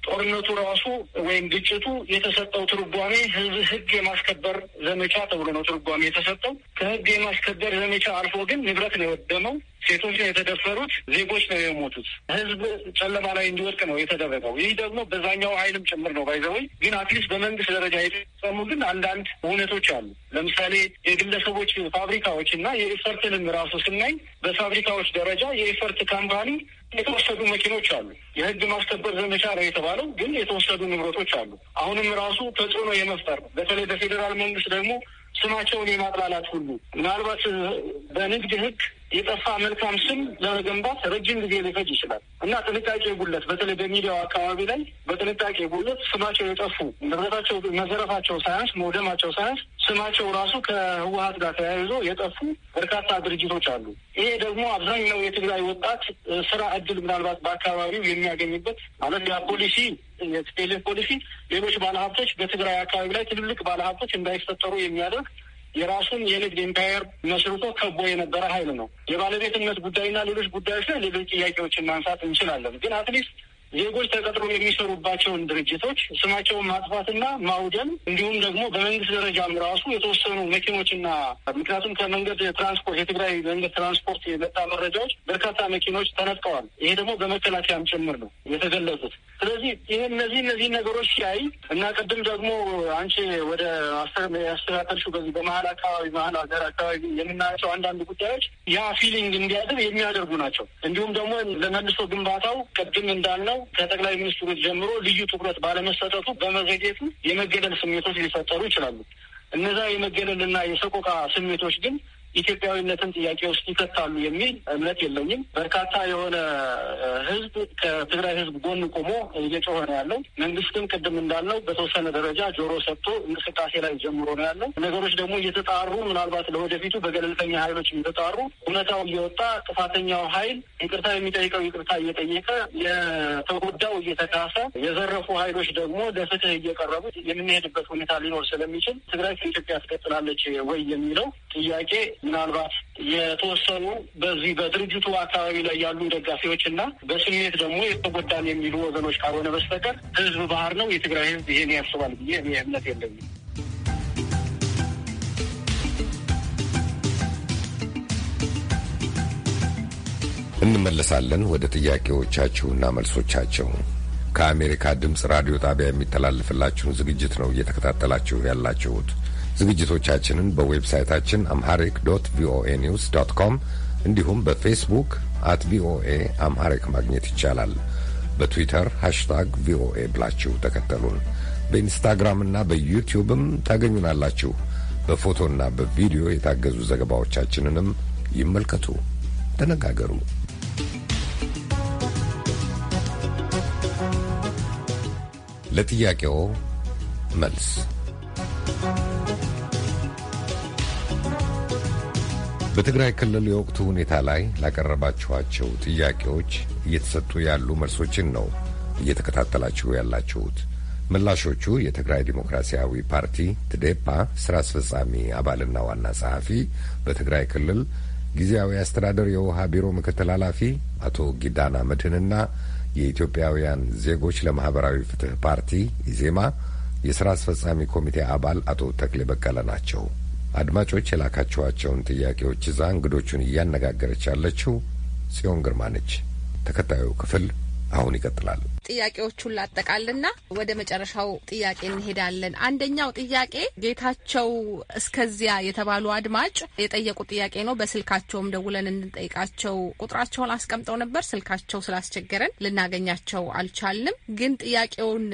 ጦርነቱ ራሱ ወይም ግጭቱ የተሰጠው ትርጓሜ ህዝብ ህግ የማስከበር ዘመቻ ተብሎ ነው ትርጓሜ የተሰጠው። ከህግ የማስከበር ዘመቻ አልፎ ግን ንብረት ነው የወደመው፣ ሴቶች ነው የተደፈሩት፣ ዜጎች ነው የሞቱት፣ ህዝብ ጨለማ ላይ እንዲወድቅ ነው የተደረገው። ይህ ደግሞ በዛኛው ኃይልም ጭምር ነው ባይዘወይ። ግን አትሊስት በመንግስት ደረጃ የተፈጸሙ ግን አንዳንድ እውነቶች አሉ። ለምሳሌ የግለሰቦች ፋብሪካዎች እና የኢፈርትንም ራሱ ስናይ በፋብሪካዎች ደረጃ የኢፈርት ካምፓኒ የተወሰዱ መኪኖች አሉ። የህግ ማስከበር ዘመቻ ነው የተባለው፣ ግን የተወሰዱ ንብረቶች አሉ። አሁንም ራሱ ተጽዕኖ የመፍጠር በተለይ በፌዴራል መንግስት ደግሞ ስማቸውን የማጥላላት ሁሉ ምናልባት በንግድ ህግ የጠፋ መልካም ስም ለመገንባት ረጅም ጊዜ ሊፈጅ ይችላል እና ጥንቃቄ ጉለት በተለይ በሚዲያው አካባቢ ላይ በጥንቃቄ ጉለት ስማቸው የጠፉ ንብረታቸው መዘረፋቸው ሳያንስ መውደማቸው ሳያንስ ስማቸው ራሱ ከህወሀት ጋር ተያይዞ የጠፉ በርካታ ድርጅቶች አሉ። ይሄ ደግሞ አብዛኛው የትግራይ ወጣት ስራ እድል ምናልባት በአካባቢው የሚያገኝበት ማለት ያ ፖሊሲ የቴሌ ፖሊሲ ሌሎች ባለሀብቶች በትግራይ አካባቢ ላይ ትልልቅ ባለሀብቶች እንዳይፈጠሩ የሚያደርግ የራሱን የንግድ ኢምፓየር መስርቶ ከቦ የነበረ ሀይል ነው። የባለቤትነት ጉዳይና ሌሎች ጉዳዮች ላይ ሌሎች ጥያቄዎችን ማንሳት እንችላለን። ግን አትሊስት ዜጎች ተቀጥሮ የሚሰሩባቸውን ድርጅቶች ስማቸውን ማጥፋትና ማውደም እንዲሁም ደግሞ በመንግስት ደረጃም ራሱ የተወሰኑ መኪኖችና ምክንያቱም ከመንገድ ትራንስፖርት የትግራይ መንገድ ትራንስፖርት የመጣ መረጃዎች በርካታ መኪኖች ተነጥቀዋል። ይሄ ደግሞ በመከላከያም ጭምር ነው የተገለጹት። ስለዚህ ይህ እነዚህ እነዚህ ነገሮች ሲያይ እና ቅድም ደግሞ አንቺ ወደ ያስተካከልሽው በዚህ በመሀል አካባቢ መሀል ሀገር አካባቢ የምናያቸው አንዳንድ ጉዳዮች ያ ፊሊንግ እንዲያድር የሚያደርጉ ናቸው። እንዲሁም ደግሞ ለመልሶ ግንባታው ቅድም እንዳልነው በምርጫው ከጠቅላይ ሚኒስትሩ ጀምሮ ልዩ ትኩረት ባለመሰጠቱ በመዘግየቱ የመገለል ስሜቶች ሊፈጠሩ ይችላሉ። እነዛ የመገለልና የሰቆቃ ስሜቶች ግን ኢትዮጵያዊነትን ጥያቄ ውስጥ ይከታሉ የሚል እምነት የለኝም። በርካታ የሆነ ህዝብ ከትግራይ ህዝብ ጎን ቆሞ እየጮኸ ነው ያለው። መንግስትም ቅድም እንዳለው በተወሰነ ደረጃ ጆሮ ሰጥቶ እንቅስቃሴ ላይ ጀምሮ ነው ያለው። ነገሮች ደግሞ እየተጣሩ ምናልባት ለወደፊቱ በገለልተኛ ኃይሎች እየተጣሩ እውነታው እየወጣ ጥፋተኛው ኃይል ይቅርታ የሚጠይቀው ይቅርታ እየጠየቀ የተጎዳው እየተካሰ የዘረፉ ኃይሎች ደግሞ ለፍትህ እየቀረቡ የምንሄድበት ሁኔታ ሊኖር ስለሚችል ትግራይ ከኢትዮጵያ ትቀጥላለች ወይ የሚለው ጥያቄ ምናልባት የተወሰኑ በዚህ በድርጅቱ አካባቢ ላይ ያሉ ደጋፊዎች እና በስሜት ደግሞ የተጎዳን የሚሉ ወገኖች ካልሆነ በስተቀር ህዝብ ባህር ነው። የትግራይ ህዝብ ይሄን ያስባል ብዬ እኔ እምነት የለኝም። እንመለሳለን ወደ ጥያቄዎቻችሁና መልሶቻቸው። ከአሜሪካ ድምፅ ራዲዮ ጣቢያ የሚተላለፍላችሁን ዝግጅት ነው እየተከታተላችሁ ያላችሁት። ዝግጅቶቻችንን በዌብሳይታችን አምሃሪክ ዶት ቪኦኤ ኒውስ ዶት ኮም እንዲሁም በፌስቡክ አት ቪኦኤ አምሃሪክ ማግኘት ይቻላል። በትዊተር ሃሽታግ ቪኦኤ ብላችሁ ተከተሉን። በኢንስታግራም እና በዩቲዩብም ታገኙናላችሁ። በፎቶና በቪዲዮ የታገዙ ዘገባዎቻችንንም ይመልከቱ፣ ተነጋገሩ። ለጥያቄው መልስ በትግራይ ክልል የወቅቱ ሁኔታ ላይ ላቀረባችኋቸው ጥያቄዎች እየተሰጡ ያሉ መልሶችን ነው እየተከታተላችሁ ያላችሁት። ምላሾቹ የትግራይ ዲሞክራሲያዊ ፓርቲ ትዴፓ ስራ አስፈጻሚ አባልና ዋና ጸሐፊ፣ በትግራይ ክልል ጊዜያዊ አስተዳደር የውሃ ቢሮ ምክትል ኃላፊ አቶ ጊዳና መድህንና የኢትዮጵያውያን ዜጎች ለማህበራዊ ፍትህ ፓርቲ ኢዜማ የስራ አስፈጻሚ ኮሚቴ አባል አቶ ተክሌ በቀለ ናቸው። አድማጮች የላካችኋቸውን ጥያቄዎች ይዛ እንግዶቹን እያነጋገረች ያለችው ጽዮን ግርማ ነች። ተከታዩ ክፍል አሁን ይቀጥላል። ጥያቄዎቹን ላጠቃልና ወደ መጨረሻው ጥያቄ እንሄዳለን። አንደኛው ጥያቄ ጌታቸው እስከዚያ የተባሉ አድማጭ የጠየቁ ጥያቄ ነው። በስልካቸውም ደውለን እንጠይቃቸው ቁጥራቸውን አስቀምጠው ነበር። ስልካቸው ስላስቸገረን ልናገኛቸው አልቻልም። ግን ጥያቄውን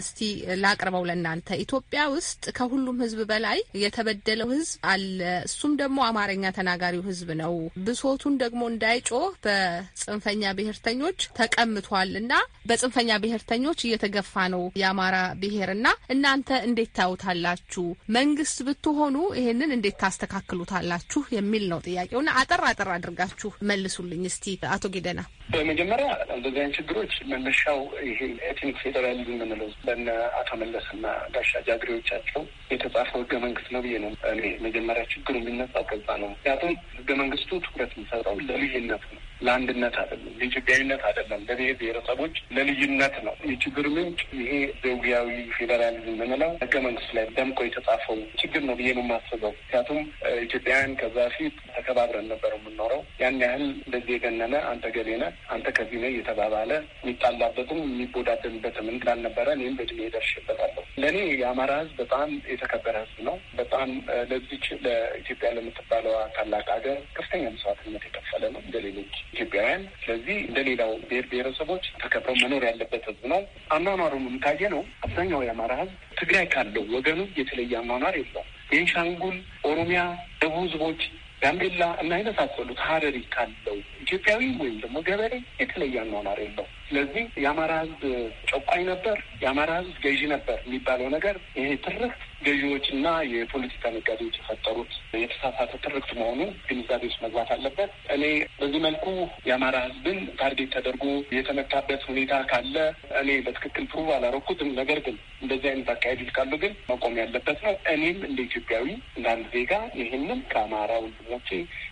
እስቲ ላቅርበው ለእናንተ። ኢትዮጵያ ውስጥ ከሁሉም ሕዝብ በላይ የተበደለው ሕዝብ አለ። እሱም ደግሞ አማርኛ ተናጋሪው ሕዝብ ነው። ብሶቱን ደግሞ እንዳይጮህ በጽንፈኛ ብሔርተኞች ተቀምቷል እና በጽንፈ ጽንፈኛ ብሔርተኞች እየተገፋ ነው የአማራ ብሔርና እናንተ እንዴት ታዩታላችሁ? መንግስት ብትሆኑ ይሄንን እንዴት ታስተካክሉታላችሁ? የሚል ነው ጥያቄውና አጠር አጠር አድርጋችሁ መልሱልኝ እስቲ አቶ ጌደና። በመጀመሪያ እንደዚህ ችግሮች መነሻው ይሄ ኤትኒክ ፌዴራሊዝም የምንለው በነ አቶ መለስና ጋሻ ጃግሬዎቻቸው የተጻፈው ህገ መንግስት ነው ብዬ ነው እኔ መጀመሪያ ችግሩ የሚነሳው ከዛ ነው። ምክንያቱም ህገ መንግስቱ ትኩረት የሚሰጠው ለልዩነት ነው ለአንድነት አይደለም፣ ለኢትዮጵያዊነት አይደለም፣ ለብሔር ብሔረሰቦች ለልዩነት ነው። የችግር ምንጭ ይሄ ዘውጊያዊ ፌዴራሊዝም የምንለው ህገ መንግስት ላይ ደምቆ የተጻፈው ችግር ነው ብዬ ነው የማስበው። ምክንያቱም ኢትዮጵያውያን ከዛ በፊት ተከባብረን ነበር የምንኖረው። ያን ያህል እንደዚህ የገነነ አንተ ገሌ ነህ፣ አንተ ከዚህ ነህ እየተባባለ የሚጣላበትም የሚቦዳደንበትም እንዳልነበረ እኔም በድሜ ደርሼበታለሁ። ለእኔ የአማራ ህዝብ በጣም የተከበረ ህዝብ ነው። በጣም ለዚች ለኢትዮጵያ ለምትባለዋ ታላቅ ሀገር ከፍተኛ መስዋዕትነት የከፈለ ነው እንደሌሎች ኢትዮጵያውያን። ስለዚህ እንደ ሌላው ብሔር ብሔረሰቦች ተከብረው መኖር ያለበት ህዝብ ነው። አኗኗሩም የምታየ ነው። አብዛኛው የአማራ ህዝብ ትግራይ ካለው ወገኑ የተለየ አኗኗር የለው። ቤንሻንጉል፣ ኦሮሚያ፣ ደቡብ ህዝቦች ጋምቤላ እና የመሳሰሉት ሀረሪ ካለው ኢትዮጵያዊ ወይም ደግሞ ገበሬ የተለየ አኗኗር የለው። ስለዚህ የአማራ ህዝብ ጨቋኝ ነበር፣ የአማራ ህዝብ ገዢ ነበር የሚባለው ነገር ይሄ ትርክት ገዢዎችና የፖለቲካ ነጋዴዎች የፈጠሩት የተሳሳተ ትርክት መሆኑ ግንዛቤ ውስጥ መግባት አለበት። እኔ በዚህ መልኩ የአማራ ህዝብን ታርጌት ተደርጎ የተመታበት ሁኔታ ካለ እኔ በትክክል ፕሩቭ አላረኩትም። ነገር ግን እንደዚህ አይነት አካሄዶች ካሉ ግን መቆም ያለበት ነው። እኔም እንደ ኢትዮጵያዊ እንደ አንድ ዜጋ ይህንም ከአማራ ወንድሞቼ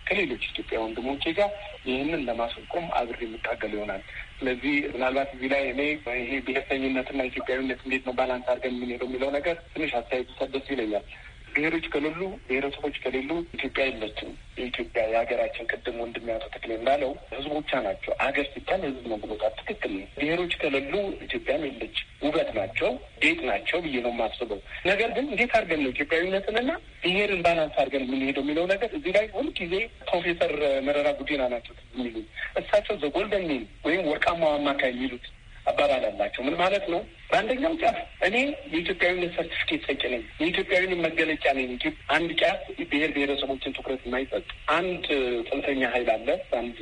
ከሌሎች ኢትዮጵያ ወንድሞቼ ጋር ይህንን ለማስቆም አብሬ የምታገል ይሆናል። ስለዚህ ምናልባት እዚህ ላይ እኔ ይሄ ብሔርተኝነትና ኢትዮጵያዊነት እንዴት ነው ባላንስ አድርገን የምንሄደው የሚለው ነገር ትንሽ አስተያየት ሰደስ ይለኛል። ብሔሮች ከሌሉ ብሄረሰቦች ከሌሉ ኢትዮጵያ የለችም። የኢትዮጵያ የሀገራችን ቅድም ወንድም ያቶ ተክሌ እንዳለው ህዝቦቿ ናቸው። ሀገር ሲታል ህዝብ ነው ብሎታል። ትክክል ነው። ብሄሮች ከሌሉ ኢትዮጵያም የለች። ውበት ናቸው፣ ጌጥ ናቸው ብዬ ነው የማስበው። ነገር ግን እንዴት አድርገን ነው ኢትዮጵያዊነትንና ብሔርን ባላንስ አድርገን የምንሄደው የሚለው ነገር እዚህ ላይ ጊዜ ፕሮፌሰር መረራ ጉዲና ናቸው የሚሉ እሳቸው ዘጎልደን ሜን ወይም ወርቃማ አማካይ የሚሉት አባባል አላቸው። ምን ማለት ነው? በአንደኛው ጫፍ እኔ የኢትዮጵያዊነት ሰርቲፊኬት ሰጭ ነኝ፣ የኢትዮጵያዊን መገለጫ ነኝ። አንድ ጫፍ ብሔር ብሔረሰቦችን ትኩረት የማይሰጥ አንድ ጥንተኛ ኃይል አለ አንድ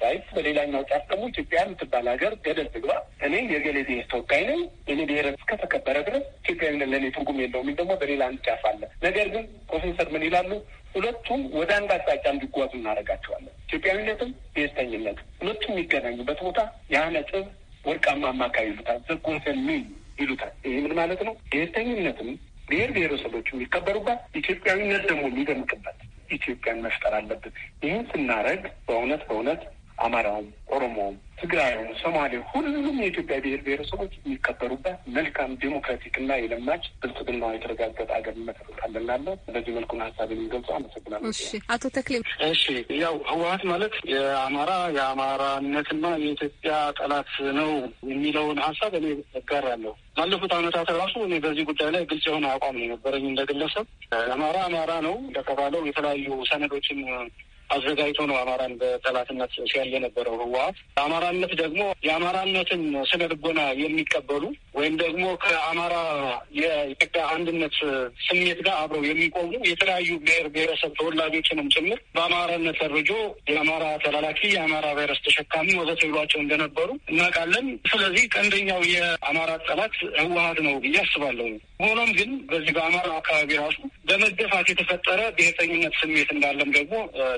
ሳይት፣ በሌላኛው ጫፍ ደግሞ ኢትዮጵያ የምትባል ሀገር ገደል ትግባ፣ እኔ የገሌ ብሔር ተወካይ ነኝ፣ እኔ ብሔር እስከተከበረ ድረስ ኢትዮጵያዊነት ለእኔ ትርጉም የለውም የሚል ደግሞ በሌላ አንድ ጫፍ አለ። ነገር ግን ፕሮፌሰር ምን ይላሉ? ሁለቱም ወደ አንድ አቅጣጫ እንዲጓዙ እናደርጋቸዋለን። ኢትዮጵያዊነትም ብሔርተኝነት ሁለቱም የሚገናኙበት ቦታ ያ ነጥብ ወርቃማ አማካይ ይሉታል። ዘጎንሰን ይሉታል። ይህ ምን ማለት ነው? ብሔርተኝነትም ብሔር ብሔረሰቦች የሚከበሩበት፣ ኢትዮጵያዊነት ደግሞ የሚደምቅበት ኢትዮጵያን መፍጠር አለብን። ይህን ስናደርግ በእውነት በእውነት አማራውም፣ ኦሮሞውም፣ ትግራዩም፣ ሶማሌ ሁሉም የኢትዮጵያ ብሔር ብሔረሰቦች የሚከበሩበት መልካም ዴሞክራቲክ እና የለማች ብልጽግና የተረጋገጠ ሀገር መሰረት አለናለ በዚህ መልኩን ሀሳብ የሚገልጹ አመሰግናለሁ። አቶ ተክሌ እሺ፣ ያው ህወሀት ማለት የአማራ የአማራነትና የኢትዮጵያ ጠላት ነው የሚለውን ሀሳብ እኔ እጋራለሁ። ባለፉት አመታት ራሱ እኔ በዚህ ጉዳይ ላይ ግልጽ የሆነ አቋም ነው የነበረኝ። እንደግለሰብ። አማራ አማራ ነው እንደተባለው የተለያዩ ሰነዶችን አዘጋጅቶ ነው አማራን በጠላትነት ሲያል የነበረው ህወሀት። አማራነት ደግሞ የአማራነትን ስነ ልቦና የሚቀበሉ ወይም ደግሞ ከአማራ የኢትዮጵያ አንድነት ስሜት ጋር አብረው የሚቆሙ የተለያዩ ብሔር ብሔረሰብ ተወላጆችንም ጭምር በአማራነት ተርጆ የአማራ ተላላኪ፣ የአማራ ቫይረስ ተሸካሚ ወዘተ ብሏቸው እንደነበሩ እናውቃለን። ስለዚህ ቀንደኛው የአማራ ጠላት ህወሀት ነው ብዬ አስባለሁ። ሆኖም ግን በዚህ በአማራ አካባቢ ራሱ በመገፋት የተፈጠረ ብሔርተኝነት ስሜት እንዳለም ደግሞ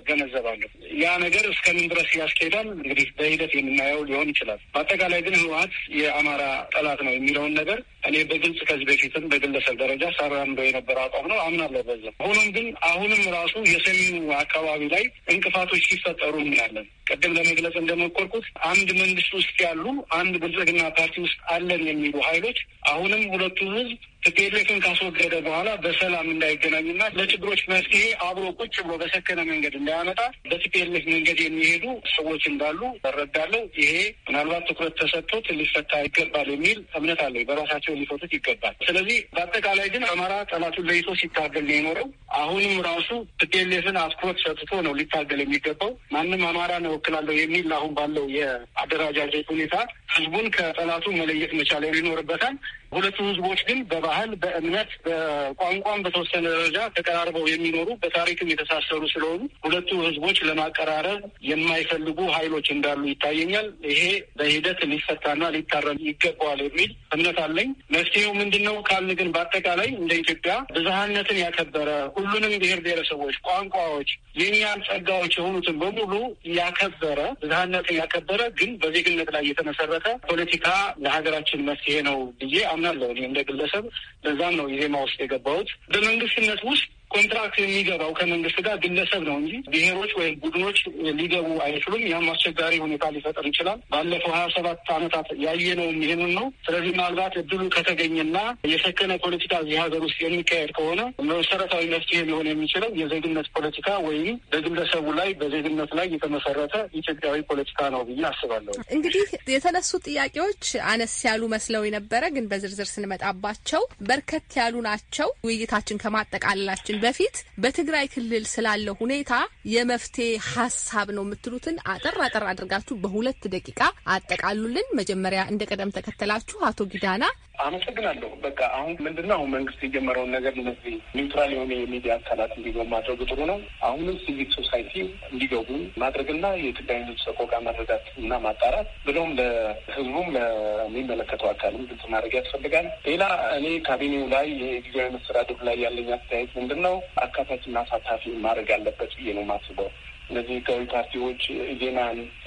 ገነ እገነዘባለሁ። ያ ነገር እስከምን ድረስ ያስኬዳል እንግዲህ በሂደት የምናየው ሊሆን ይችላል። በአጠቃላይ ግን ህወሀት የአማራ ጠላት ነው የሚለውን ነገር እኔ በግልጽ ከዚህ በፊትም በግለሰብ ደረጃ ሳራምዶ የነበረ አቋም ነው አምናለሁ። በዛ ሆኖም ግን አሁንም ራሱ የሰሜኑ አካባቢ ላይ እንቅፋቶች ሲፈጠሩ እናያለን። ቅድም ለመግለጽ እንደሞከርኩት አንድ መንግስት ውስጥ ያሉ አንድ ብልጽግና ፓርቲ ውስጥ አለን የሚሉ ኃይሎች አሁንም ሁለቱ ህዝብ ቲፒኤልኤፍን ካስወገደ በኋላ በሰላም እንዳይገናኙና ለችግሮች መፍትሄ አብሮ ቁጭ ብሎ በሰከነ መንገድ እንዳያመጣ በቲፒኤልኤፍ መንገድ የሚሄዱ ሰዎች እንዳሉ እረዳለሁ። ይሄ ምናልባት ትኩረት ተሰጥቶት ሊፈታ ይገባል የሚል እምነት አለኝ። በራሳቸው ሊፈቱት ይገባል። ስለዚህ በአጠቃላይ ግን አማራ ጠላቱን ለይቶ ሲታገል ነው የኖረው። አሁንም ራሱ ቲፒኤልኤፍን አትኩረት ሰጥቶ ነው ሊታገል የሚገባው። ማንም አማራ ነው ወክላለሁ የሚል አሁን ባለው የአደረጃጀት ሁኔታ ህዝቡን ከጠላቱ መለየት መቻል ይኖርበታል። ሁለቱ ህዝቦች ግን በባህል፣ በእምነት፣ በቋንቋም በተወሰነ ደረጃ ተቀራርበው የሚኖሩ በታሪክም የተሳሰሩ ስለሆኑ ሁለቱ ህዝቦች ለማቀራረብ የማይፈልጉ ኃይሎች እንዳሉ ይታየኛል። ይሄ በሂደት ሊፈታና ሊታረም ይገባዋል የሚል እምነት አለኝ። መፍትሄው ምንድን ነው ካልን ግን በአጠቃላይ እንደ ኢትዮጵያ ብዝሃነትን ያከበረ ሁሉንም ብሔር ብሔረሰቦች፣ ቋንቋዎች የእኛም ጸጋዎች የሆኑትን በሙሉ ያከበረ ብዝሃነትን ያከበረ ግን በዜግነት ላይ የተመሰረተ ፖለቲካ ለሀገራችን መፍትሄ ነው ብዬ አምናለሁ እኔ እንደ ግለሰብ። በዛም ነው ኢዜማ ውስጥ የገባሁት። በመንግስትነት ውስጥ ኮንትራክት የሚገባው ከመንግስት ጋር ግለሰብ ነው እንጂ ብሔሮች ወይም ቡድኖች ሊገቡ አይችሉም። ያም አስቸጋሪ ሁኔታ ሊፈጠር ይችላል። ባለፈው ሀያ ሰባት ዓመታት ያየነውም ይህንን ነው። ስለዚህ ምናልባት እድሉ ከተገኘና የሰከነ ፖለቲካ እዚህ ሀገር ውስጥ የሚካሄድ ከሆነ መሰረታዊ መፍትሄ ሊሆን የሚችለው የዜግነት ፖለቲካ ወይም በግለሰቡ ላይ በዜግነት ላይ የተመሰረተ ኢትዮጵያዊ ፖለቲካ ነው ብዬ አስባለሁ። እንግዲህ የተነሱ ጥያቄዎች አነስ ያሉ መስለው የነበረ ግን በዝርዝር ስንመጣባቸው በርከት ያሉ ናቸው። ውይይታችን ከማጠቃለላችን በፊት በትግራይ ክልል ስላለው ሁኔታ የመፍትሄ ሀሳብ ነው የምትሉትን አጠር አጠር አድርጋችሁ በሁለት ደቂቃ አጠቃሉልን። መጀመሪያ እንደ ቀደም ተከተላችሁ አቶ ጊዳና አመሰግናለሁ። በቃ አሁን ምንድነው አሁን መንግስት የጀመረውን ነገር እነዚህ ኒውትራል የሆነ የሚዲያ አካላት እንዲገቡ ማድረጉ ጥሩ ነው። አሁንም ሲቪል ሶሳይቲ እንዲገቡ ማድረግና የትግራይ ህዝብ ሰቆቃ መረዳት እና ማጣራት ብሎም ለህዝቡም ለሚመለከተው አካልም ግልጽ ማድረግ ያስፈልጋል። ሌላ እኔ ካቢኔው ላይ የጊዜያዊ መስተዳድሩ ላይ ያለኝ አስተያየት ምንድን ነው አካታችና አሳታፊ ማድረግ አለበት ብዬ ነው የማስበው። እነዚህ ህጋዊ ፓርቲዎች ዴታ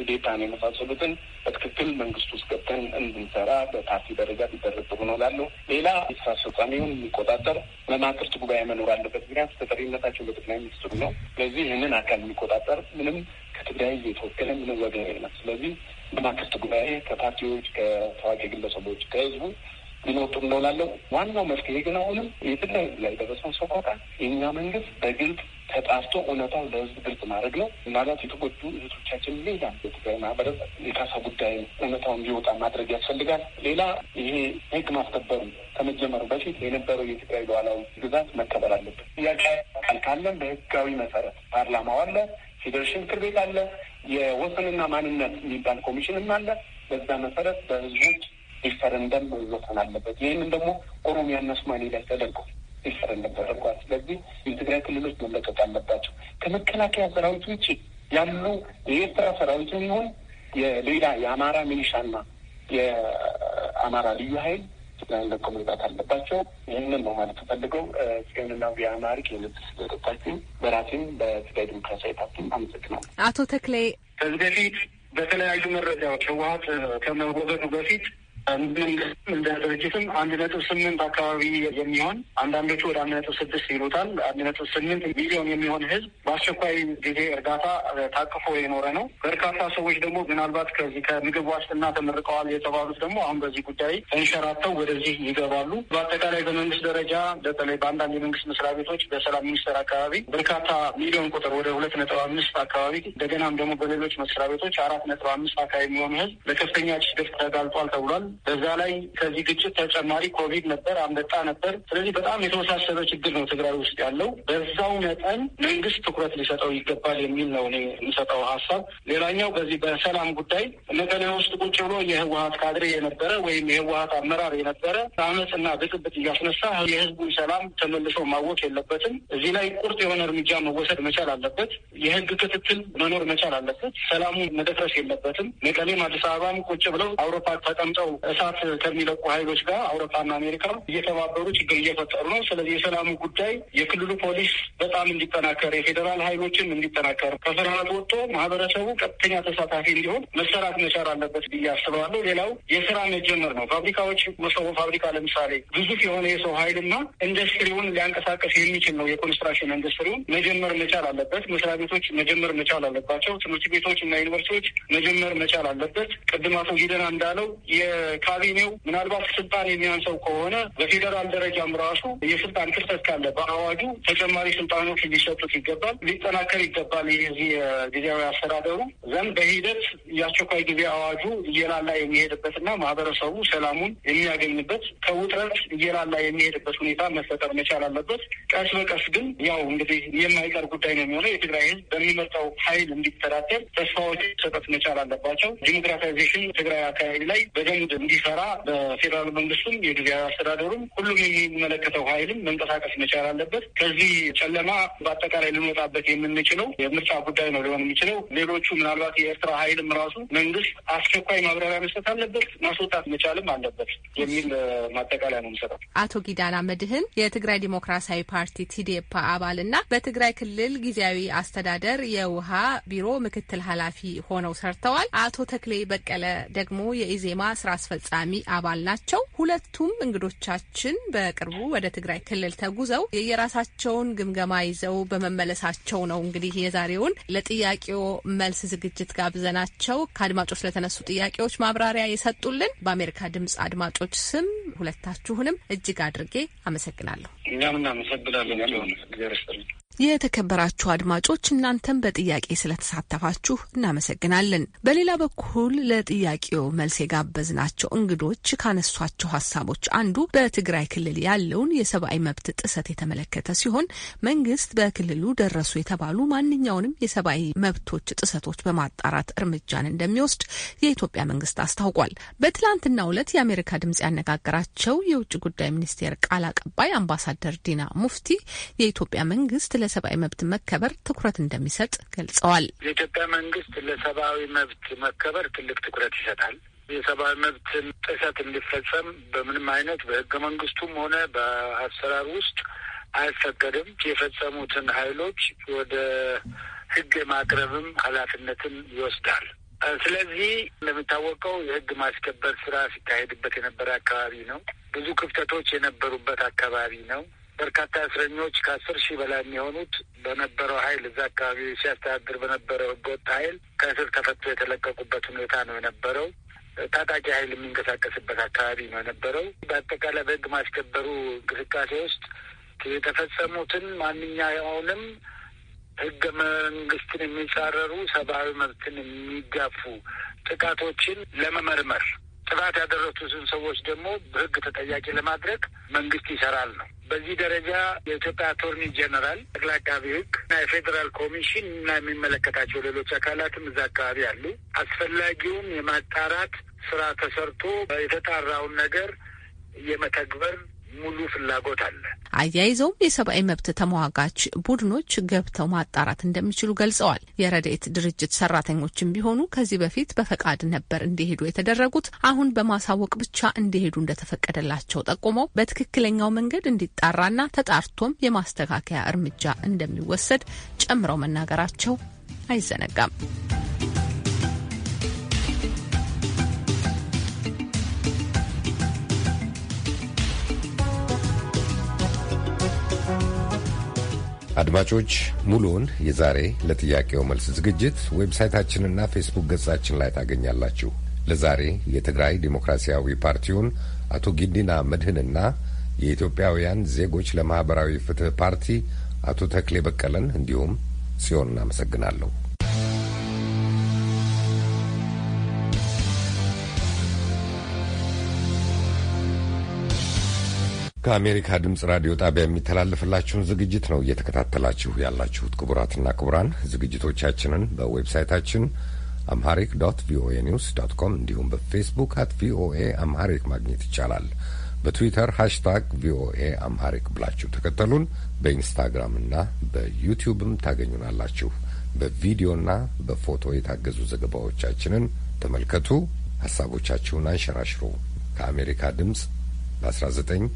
ኢዴፓን የመሳሰሉትን በትክክል መንግስት ውስጥ ገብተን እንድንሰራ በፓርቲ ደረጃ ሊደረግ ጥሩ ነው እላለሁ። ሌላ የስራ አስፈጻሚውን የሚቆጣጠር መማክርት ጉባኤ መኖር አለበት። ምክንያት ተጠሪነታቸው በጠቅላይ ሚኒስትሩ ነው። ስለዚህ ይህንን አካል የሚቆጣጠር ምንም ከትግራይ የተወከለ ምንም ወገን የለም። ስለዚህ መማክርት ጉባኤ ከፓርቲዎች፣ ከታዋቂ ግለሰቦች፣ ከህዝቡ ሊኖጡ እንደሆናለው ዋናው መፍትሄ ግን አሁንም የትላይ ላይ ደረሰው ሰቆቃ የኛ መንግስት በግልጽ ተጣርቶ እውነታው ለህዝብ ግልጽ ማድረግ ነው። ምናልባት የተጎዱ እህቶቻችን ሌላ የትግራይ ማህበረሰብ የካሳ ጉዳይ እውነታውን ሊወጣ ማድረግ ያስፈልጋል። ሌላ ይሄ ህግ ማስከበሩ ከመጀመሩ በፊት የነበረው የትግራይ ሉዓላዊ ግዛት መከበር አለበት። ጥያቄ ቃል ካለን በህጋዊ መሰረት ፓርላማው አለ፣ ፌዴሬሽን ምክር ቤት አለ፣ የወሰንና ማንነት የሚባል ኮሚሽንም አለ። በዛ መሰረት በህዝቦች ሪፈረንደም መዘፈን አለበት። ይህንን ደግሞ ኦሮሚያና ሶማሌ ላይ ተደርጓል፣ ሪፈረንደም ተደርጓል። ስለዚህ የትግራይ ክልሎች መለቀቅ አለባቸው። ከመከላከያ ሰራዊት ውጭ ያሉ የኤርትራ ሰራዊትም ይሁን የሌላ የአማራ ሚሊሻና የአማራ ልዩ ኃይል ትግራይን ለቆ መውጣት አለባቸው። ይህንን ነው ማለት ፈልገው ጽዮንና ቢያማሪክ የልብ ስለጠጣችን በራሴም በትግራይ ዲሞክራሲያዊ ፓርቲም አመሰግናለሁ። አቶ ተክሌ ከዚህ በፊት በተለያዩ መረጃዎች ህወሀት ከመወገዱ በፊት መንግስትም እንደ ድርጅትም አንድ ነጥብ ስምንት አካባቢ የሚሆን አንዳንዶቹ ወደ አንድ ነጥብ ስድስት ይሉታል አንድ ነጥብ ስምንት ሚሊዮን የሚሆን ህዝብ በአስቸኳይ ጊዜ እርዳታ ታቅፎ የኖረ ነው። በርካታ ሰዎች ደግሞ ምናልባት ከዚህ ከምግብ ዋስትና ተመርቀዋል የተባሉት ደግሞ አሁን በዚህ ጉዳይ ተንሸራተው ወደዚህ ይገባሉ። በአጠቃላይ በመንግስት ደረጃ በተለይ በአንዳንድ የመንግስት መስሪያ ቤቶች በሰላም ሚኒስቴር አካባቢ በርካታ ሚሊዮን ቁጥር ወደ ሁለት ነጥብ አምስት አካባቢ እንደገናም ደግሞ በሌሎች መስሪያ ቤቶች አራት ነጥብ አምስት አካባቢ የሚሆን ህዝብ ለከፍተኛ ችግር ተጋልጧል ተብሏል። በዛ ላይ ከዚህ ግጭት ተጨማሪ ኮቪድ ነበር፣ አንበጣ ነበር። ስለዚህ በጣም የተወሳሰበ ችግር ነው ትግራይ ውስጥ ያለው። በዛው መጠን መንግስት ትኩረት ሊሰጠው ይገባል የሚል ነው እኔ የምሰጠው ሀሳብ። ሌላኛው በዚህ በሰላም ጉዳይ መቀሌ ውስጥ ቁጭ ብሎ የህወሀት ካድሬ የነበረ ወይም የህወሀት አመራር የነበረ አመፅና ብጥብጥ እያስነሳ የህዝቡን ሰላም ተመልሶ ማወቅ የለበትም። እዚህ ላይ ቁርጥ የሆነ እርምጃ መወሰድ መቻል አለበት። የህግ ክትትል መኖር መቻል አለበት። ሰላሙ መደፍረስ የለበትም። መቀሌም አዲስ አበባም ቁጭ ብለው አውሮፓ ተቀምጠው እሳት ከሚለቁ ኃይሎች ጋር አውሮፓና አሜሪካ እየተባበሩ ችግር እየፈጠሩ ነው። ስለዚህ የሰላሙ ጉዳይ የክልሉ ፖሊስ በጣም እንዲጠናከር፣ የፌዴራል ኃይሎችን እንዲጠናከር፣ ከፍርሃት ወጥቶ ማህበረሰቡ ቀጥተኛ ተሳታፊ እንዲሆን መሰራት መቻል አለበት ብዬ አስባለሁ። ሌላው የስራ መጀመር ነው። ፋብሪካዎች መሰቦ ፋብሪካ ለምሳሌ ግዙፍ የሆነ የሰው ኃይልና ኢንዱስትሪውን ሊያንቀሳቀስ የሚችል ነው። የኮንስትራክሽን ኢንዱስትሪውን መጀመር መቻል አለበት። መስሪያ ቤቶች መጀመር መቻል አለባቸው። ትምህርት ቤቶች እና ዩኒቨርሲቲዎች መጀመር መቻል አለበት። ቅድም አቶ ጊደና እንዳለው ካቢኔው ምናልባት ስልጣን የሚያንሰው ከሆነ በፌዴራል ደረጃም ራሱ የስልጣን ክፍተት ካለ በአዋጁ ተጨማሪ ስልጣኖች ሊሰጡት ይገባል፣ ሊጠናከር ይገባል። የዚህ ጊዜያዊ አስተዳደሩ ዘንድ በሂደት የአስቸኳይ ጊዜ አዋጁ እየላላ የሚሄድበትና ማህበረሰቡ ሰላሙን የሚያገኝበት ከውጥረት እየላላ የሚሄድበት ሁኔታ መፈጠር መቻል አለበት። ቀስ በቀስ ግን ያው እንግዲህ የማይቀር ጉዳይ ነው የሚሆነው። የትግራይ ህዝብ በሚመጣው ኃይል እንዲተዳደር ተስፋዎች ሰጠት መቻል አለባቸው። ዲሞክራታይዜሽን ትግራይ አካባቢ ላይ በደንብ እንዲሰራ በፌዴራል መንግስቱም የጊዜያዊ አስተዳደሩም ሁሉም የሚመለከተው ኃይልም መንቀሳቀስ መቻል አለበት። ከዚህ ጨለማ በአጠቃላይ ልንወጣበት የምንችለው የምርጫ ጉዳይ ነው ሊሆን የሚችለው። ሌሎቹ ምናልባት የኤርትራ ኃይልም ራሱ መንግስት አስቸኳይ ማብራሪያ መስጠት አለበት፣ ማስወጣት መቻልም አለበት የሚል ማጠቃለያ ነው የምሰጠው። አቶ ጊዳና መድህን የትግራይ ዲሞክራሲያዊ ፓርቲ ቲዴፓ አባል እና በትግራይ ክልል ጊዜያዊ አስተዳደር የውሃ ቢሮ ምክትል ኃላፊ ሆነው ሰርተዋል። አቶ ተክሌ በቀለ ደግሞ የኢዜማ ስራ አስፈጻሚ አባል ናቸው። ሁለቱም እንግዶቻችን በቅርቡ ወደ ትግራይ ክልል ተጉዘው የየራሳቸውን ግምገማ ይዘው በመመለሳቸው ነው እንግዲህ የዛሬውን ለጥያቄው መልስ ዝግጅት ጋብዘናቸው ከአድማጮች ለተነሱ ጥያቄዎች ማብራሪያ የሰጡልን በአሜሪካ ድምጽ አድማጮች ስም ሁለታችሁንም እጅግ አድርጌ አመሰግናለሁ። እኛም እናመሰግናለን። የተከበራችሁ አድማጮች እናንተም በጥያቄ ስለተሳተፋችሁ እናመሰግናለን። በሌላ በኩል ለጥያቄው መልስ የጋበዝናቸው እንግዶች ካነሷቸው ሀሳቦች አንዱ በትግራይ ክልል ያለውን የሰብአዊ መብት ጥሰት የተመለከተ ሲሆን መንግስት በክልሉ ደረሱ የተባሉ ማንኛውንም የሰብአዊ መብቶች ጥሰቶች በማጣራት እርምጃን እንደሚወስድ የኢትዮጵያ መንግስት አስታውቋል። በትላንትናው ዕለት የአሜሪካ ድምጽ ያነጋገራቸው የውጭ ጉዳይ ሚኒስቴር ቃል አቀባይ አምባሳደር ዲና ሙፍቲ የኢትዮጵያ መንግስት ለሰብአዊ መብት መከበር ትኩረት እንደሚሰጥ ገልጸዋል። የኢትዮጵያ መንግስት ለሰብአዊ መብት መከበር ትልቅ ትኩረት ይሰጣል። የሰብአዊ መብት ጥሰት እንዲፈጸም በምንም አይነት በህገ መንግስቱም ሆነ በአሰራር ውስጥ አይፈቀድም። የፈጸሙትን ኃይሎች ወደ ህግ የማቅረብም ኃላፊነትን ይወስዳል። ስለዚህ እንደሚታወቀው የህግ ማስከበር ስራ ሲካሄድበት የነበረ አካባቢ ነው። ብዙ ክፍተቶች የነበሩበት አካባቢ ነው። በርካታ እስረኞች ከአስር ሺህ በላይ የሚሆኑት በነበረው ኃይል እዛ አካባቢ ሲያስተዳድር በነበረው ህገወጥ ኃይል ከእስር ተፈቶ የተለቀቁበት ሁኔታ ነው የነበረው። ታጣቂ ኃይል የሚንቀሳቀስበት አካባቢ ነው የነበረው። በአጠቃላይ በህግ ማስከበሩ እንቅስቃሴ ውስጥ የተፈጸሙትን ማንኛውንም ህገ መንግስትን የሚጻረሩ ሰብአዊ መብትን የሚጋፉ ጥቃቶችን ለመመርመር ጥፋት ያደረሱትን ሰዎች ደግሞ በህግ ተጠያቂ ለማድረግ መንግስት ይሰራል ነው። በዚህ ደረጃ የኢትዮጵያ አቶርኒ ጀነራል፣ ጠቅላይ አቃቢ ህግ እና የፌዴራል ኮሚሽን እና የሚመለከታቸው ሌሎች አካላትም እዛ አካባቢ አሉ። አስፈላጊውን የማጣራት ስራ ተሰርቶ የተጣራውን ነገር የመተግበር ሙሉ ፍላጎት አለ። አያይዘውም የሰብአዊ መብት ተሟጋች ቡድኖች ገብተው ማጣራት እንደሚችሉ ገልጸዋል። የረድኤት ድርጅት ሰራተኞችም ቢሆኑ ከዚህ በፊት በፈቃድ ነበር እንዲሄዱ የተደረጉት። አሁን በማሳወቅ ብቻ እንዲሄዱ እንደተፈቀደላቸው ጠቁመው በትክክለኛው መንገድ እንዲጣራና ተጣርቶም የማስተካከያ እርምጃ እንደሚወሰድ ጨምረው መናገራቸው አይዘነጋም። አድማጮች ሙሉውን የዛሬ ለጥያቄው መልስ ዝግጅት ዌብሳይታችንና ፌስቡክ ገጻችን ላይ ታገኛላችሁ። ለዛሬ የትግራይ ዴሞክራሲያዊ ፓርቲውን አቶ ጊዲና መድህንና የኢትዮጵያውያን ዜጎች ለማኅበራዊ ፍትህ ፓርቲ አቶ ተክሌ በቀለን እንዲሁም ጽዮን እናመሰግናለሁ። ከአሜሪካ ድምፅ ራዲዮ ጣቢያ የሚተላለፍላችሁን ዝግጅት ነው እየተከታተላችሁ ያላችሁት። ክቡራትና ክቡራን ዝግጅቶቻችንን በዌብሳይታችን አምሃሪክ ዶት ቪኦኤ ኒውስ ዶት ኮም እንዲሁም በፌስቡክ አት ቪኦኤ አምሃሪክ ማግኘት ይቻላል። በትዊተር ሃሽታግ ቪኦኤ አምሃሪክ ብላችሁ ተከተሉን። በኢንስታግራምና በዩቲዩብም ታገኙናላችሁ። በቪዲዮና በፎቶ የታገዙ ዘገባዎቻችንን ተመልከቱ። ሀሳቦቻችሁን አንሸራሽሩ። ከአሜሪካ ድምፅ በ19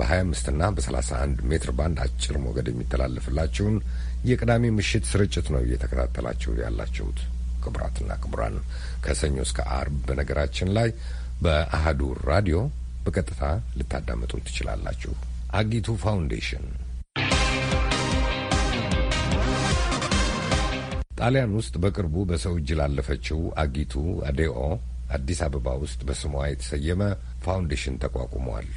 በ25 እና በ31 ሜትር ባንድ አጭር ሞገድ የሚተላለፍላችሁን የቅዳሜ ምሽት ስርጭት ነው እየተከታተላችሁ ያላችሁት። ክቡራትና ክቡራን ከሰኞ እስከ አርብ በነገራችን ላይ በአህዱ ራዲዮ በቀጥታ ልታዳምጡ ትችላላችሁ። አጊቱ ፋውንዴሽን ጣሊያን ውስጥ በቅርቡ በሰው እጅ ላለፈችው አጊቱ አዴኦ አዲስ አበባ ውስጥ በስሟ የተሰየመ ፋውንዴሽን ተቋቁሟል።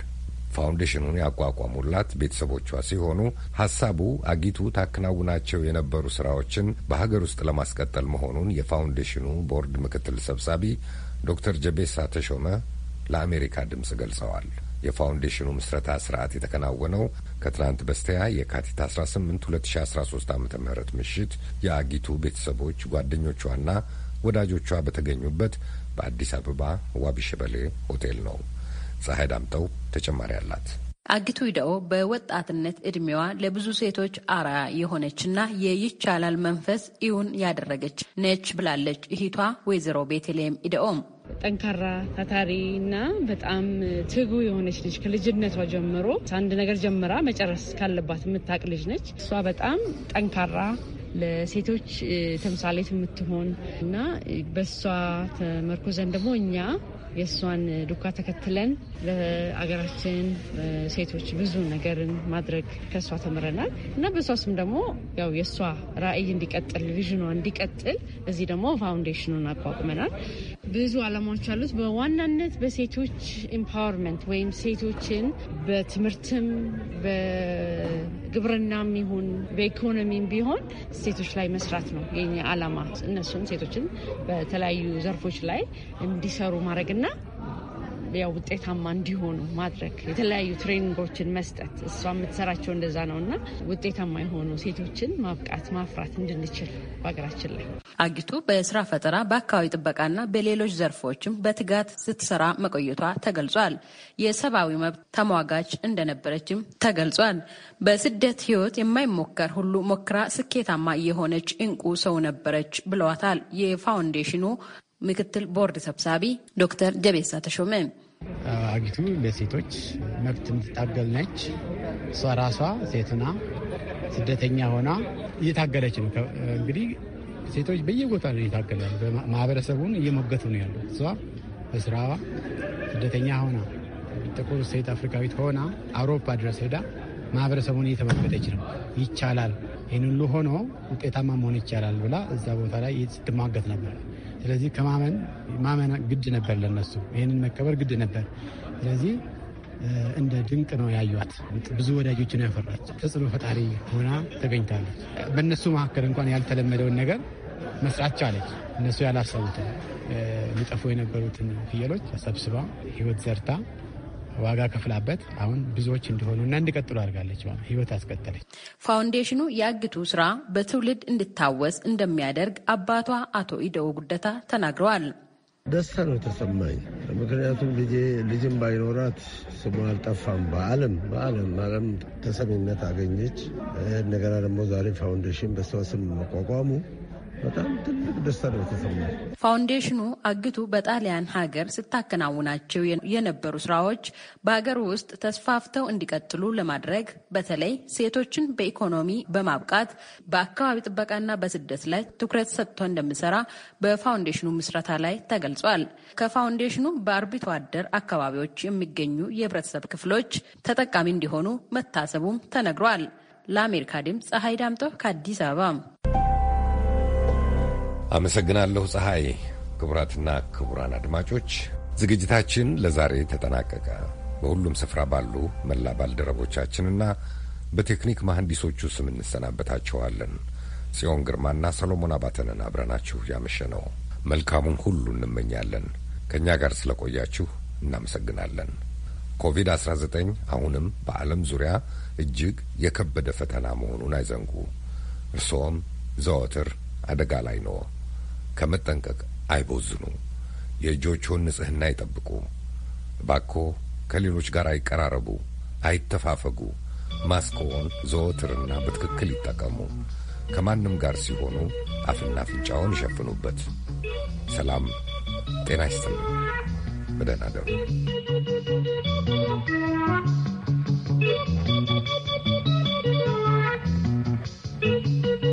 ፋውንዴሽኑን ያቋቋሙላት ቤተሰቦቿ ሲሆኑ ሀሳቡ አጊቱ ታከናውናቸው የነበሩ ስራዎችን በሀገር ውስጥ ለማስቀጠል መሆኑን የፋውንዴሽኑ ቦርድ ምክትል ሰብሳቢ ዶክተር ጀቤሳ ተሾመ ለአሜሪካ ድምፅ ገልጸዋል። የፋውንዴሽኑ ምስረታ ስርዓት የተከናወነው ከትናንት በስቲያ የካቲት 18 2013 ዓ ም ምሽት የአጊቱ ቤተሰቦች ጓደኞቿና ወዳጆቿ በተገኙበት በአዲስ አበባ ዋቢሸበሌ ሆቴል ነው። ፀሐይ ዳምጠው ተጨማሪ አላት። አግቱ ይደኦ በወጣትነት እድሜዋ ለብዙ ሴቶች አርአያ የሆነችና የይቻላል መንፈስ እውን ያደረገች ነች ብላለች እህቷ ወይዘሮ ቤተልሔም ይደኦም። ጠንካራ ታታሪ እና በጣም ትጉ የሆነች ልጅ ከልጅነቷ ጀምሮ አንድ ነገር ጀምራ መጨረስ ካለባት የምታቅ ልጅ ነች። እሷ በጣም ጠንካራ ለሴቶች ተምሳሌት የምትሆን እና በሷ ተመርኮዘን ደግሞ እኛ የእሷን ዱካ ተከትለን ለአገራችን ሴቶች ብዙ ነገርን ማድረግ ከእሷ ተምረናል እና በእሷ ስም ደግሞ ያው የእሷ ራዕይ እንዲቀጥል ቪዥኗ እንዲቀጥል እዚህ ደግሞ ፋውንዴሽኑን አቋቁመናል። ብዙ አላማዎች አሉት። በዋናነት በሴቶች ኢምፓወርመንት ወይም ሴቶችን በትምህርትም ግብርናም ይሁን በኢኮኖሚም ቢሆን ሴቶች ላይ መስራት ነው የኛ አላማ። እነሱም ሴቶችን በተለያዩ ዘርፎች ላይ እንዲሰሩ ማድረግና ያው ውጤታማ እንዲሆኑ ማድረግ የተለያዩ ትሬኒንጎችን መስጠት እሷ የምትሰራቸው እንደዛ ነው እና ውጤታማ የሆኑ ሴቶችን ማብቃት ማፍራት እንድንችል በሀገራችን ላይ አጊቱ በስራ ፈጠራ በአካባቢ ጥበቃና በሌሎች ዘርፎችም በትጋት ስትሰራ መቆየቷ ተገልጿል። የሰብአዊ መብት ተሟጋች እንደነበረችም ተገልጿል። በስደት ህይወት የማይሞከር ሁሉ ሞክራ ስኬታማ የሆነች እንቁ ሰው ነበረች ብለዋታል የፋውንዴሽኑ ምክትል ቦርድ ሰብሳቢ ዶክተር ጀቤሳ ተሾመ። አጊቱ ለሴቶች መብት የምትታገል ነች። እሷ ራሷ ሴትና ስደተኛ ሆና እየታገለች ነው። እንግዲህ ሴቶች በየቦታ ነው እየታገለ ማህበረሰቡን እየሞገቱ ነው ያለው። እሷ በስራዋ ስደተኛ ሆና ጥቁር ሴት አፍሪካዊት ሆና አውሮፓ ድረስ ሄዳ ማህበረሰቡን እየተመገጠች ነው። ይቻላል፣ ይህን ሁሉ ሆኖ ውጤታማ መሆን ይቻላል ብላ እዛ ቦታ ላይ ስትማገት ነበር። ስለዚህ ከማመን ማመን ግድ ነበር ለነሱ ይህንን መከበር ግድ ነበር። ስለዚህ እንደ ድንቅ ነው ያዩት። ብዙ ወዳጆች ነው ያፈራች። ተጽዕኖ ፈጣሪ ሆና ተገኝታለች። በእነሱ መካከል እንኳን ያልተለመደውን ነገር መስራት ቻለች። እነሱ ያላሰቡትን ሊጠፉ የነበሩትን ፍየሎች ሰብስባ ህይወት ዘርታ ዋጋ ከፍላበት አሁን ብዙዎች እንዲሆኑና እንድቀጥሉ አድርጋለች። ህይወት አስቀጠለች። ፋውንዴሽኑ የአግቱ ስራ በትውልድ እንድታወስ እንደሚያደርግ አባቷ አቶ ኢደው ጉደታ ተናግረዋል። ደስታ ነው ተሰማኝ። ምክንያቱም ልጄ ልጅም ባይኖራት ስሙ አልጠፋም። በዓለም በዓለም ዓለም ተሰሚነት አገኘች። እንደገና ደግሞ ዛሬ ፋውንዴሽን በሰው ስም መቋቋሙ በጣም ትልቅ ደስታ ነው የተሰማል። ፋውንዴሽኑ አግቱ በጣሊያን ሀገር ስታከናውናቸው የነበሩ ስራዎች በሀገር ውስጥ ተስፋፍተው እንዲቀጥሉ ለማድረግ በተለይ ሴቶችን በኢኮኖሚ በማብቃት በአካባቢ ጥበቃና በስደት ላይ ትኩረት ሰጥቶ እንደሚሰራ በፋውንዴሽኑ ምስረታ ላይ ተገልጿል። ከፋውንዴሽኑ በአርብቶ አደር አካባቢዎች የሚገኙ የህብረተሰብ ክፍሎች ተጠቃሚ እንዲሆኑ መታሰቡም ተነግሯል። ለአሜሪካ ድምፅ ፀሐይ ዳምጦ ከአዲስ አበባ አመሰግናለሁ ፀሐይ። ክቡራትና ክቡራን አድማጮች ዝግጅታችን ለዛሬ ተጠናቀቀ። በሁሉም ስፍራ ባሉ መላ ባልደረቦቻችንና በቴክኒክ መሐንዲሶቹ ስም እንሰናበታችኋለን። ጽዮን ግርማና ሰሎሞን አባተንን አብረናችሁ ያመሸ ነው። መልካሙን ሁሉ እንመኛለን። ከእኛ ጋር ስለቆያችሁ እናመሰግናለን። ኮቪድ-19 አሁንም በዓለም ዙሪያ እጅግ የከበደ ፈተና መሆኑን አይዘንጉ። እርስዎም ዘወትር አደጋ ላይ ነው። ከመጠንቀቅ አይቦዝኑ። የእጆችዎን ንጽህና ይጠብቁ። ባኮ ከሌሎች ጋር አይቀራረቡ፣ አይተፋፈጉ። ማስኮን ዘወትርና በትክክል ይጠቀሙ። ከማንም ጋር ሲሆኑ አፍና አፍንጫውን ይሸፍኑበት። ሰላም ጤና ይስጥልኝ። በደህና ደሩ።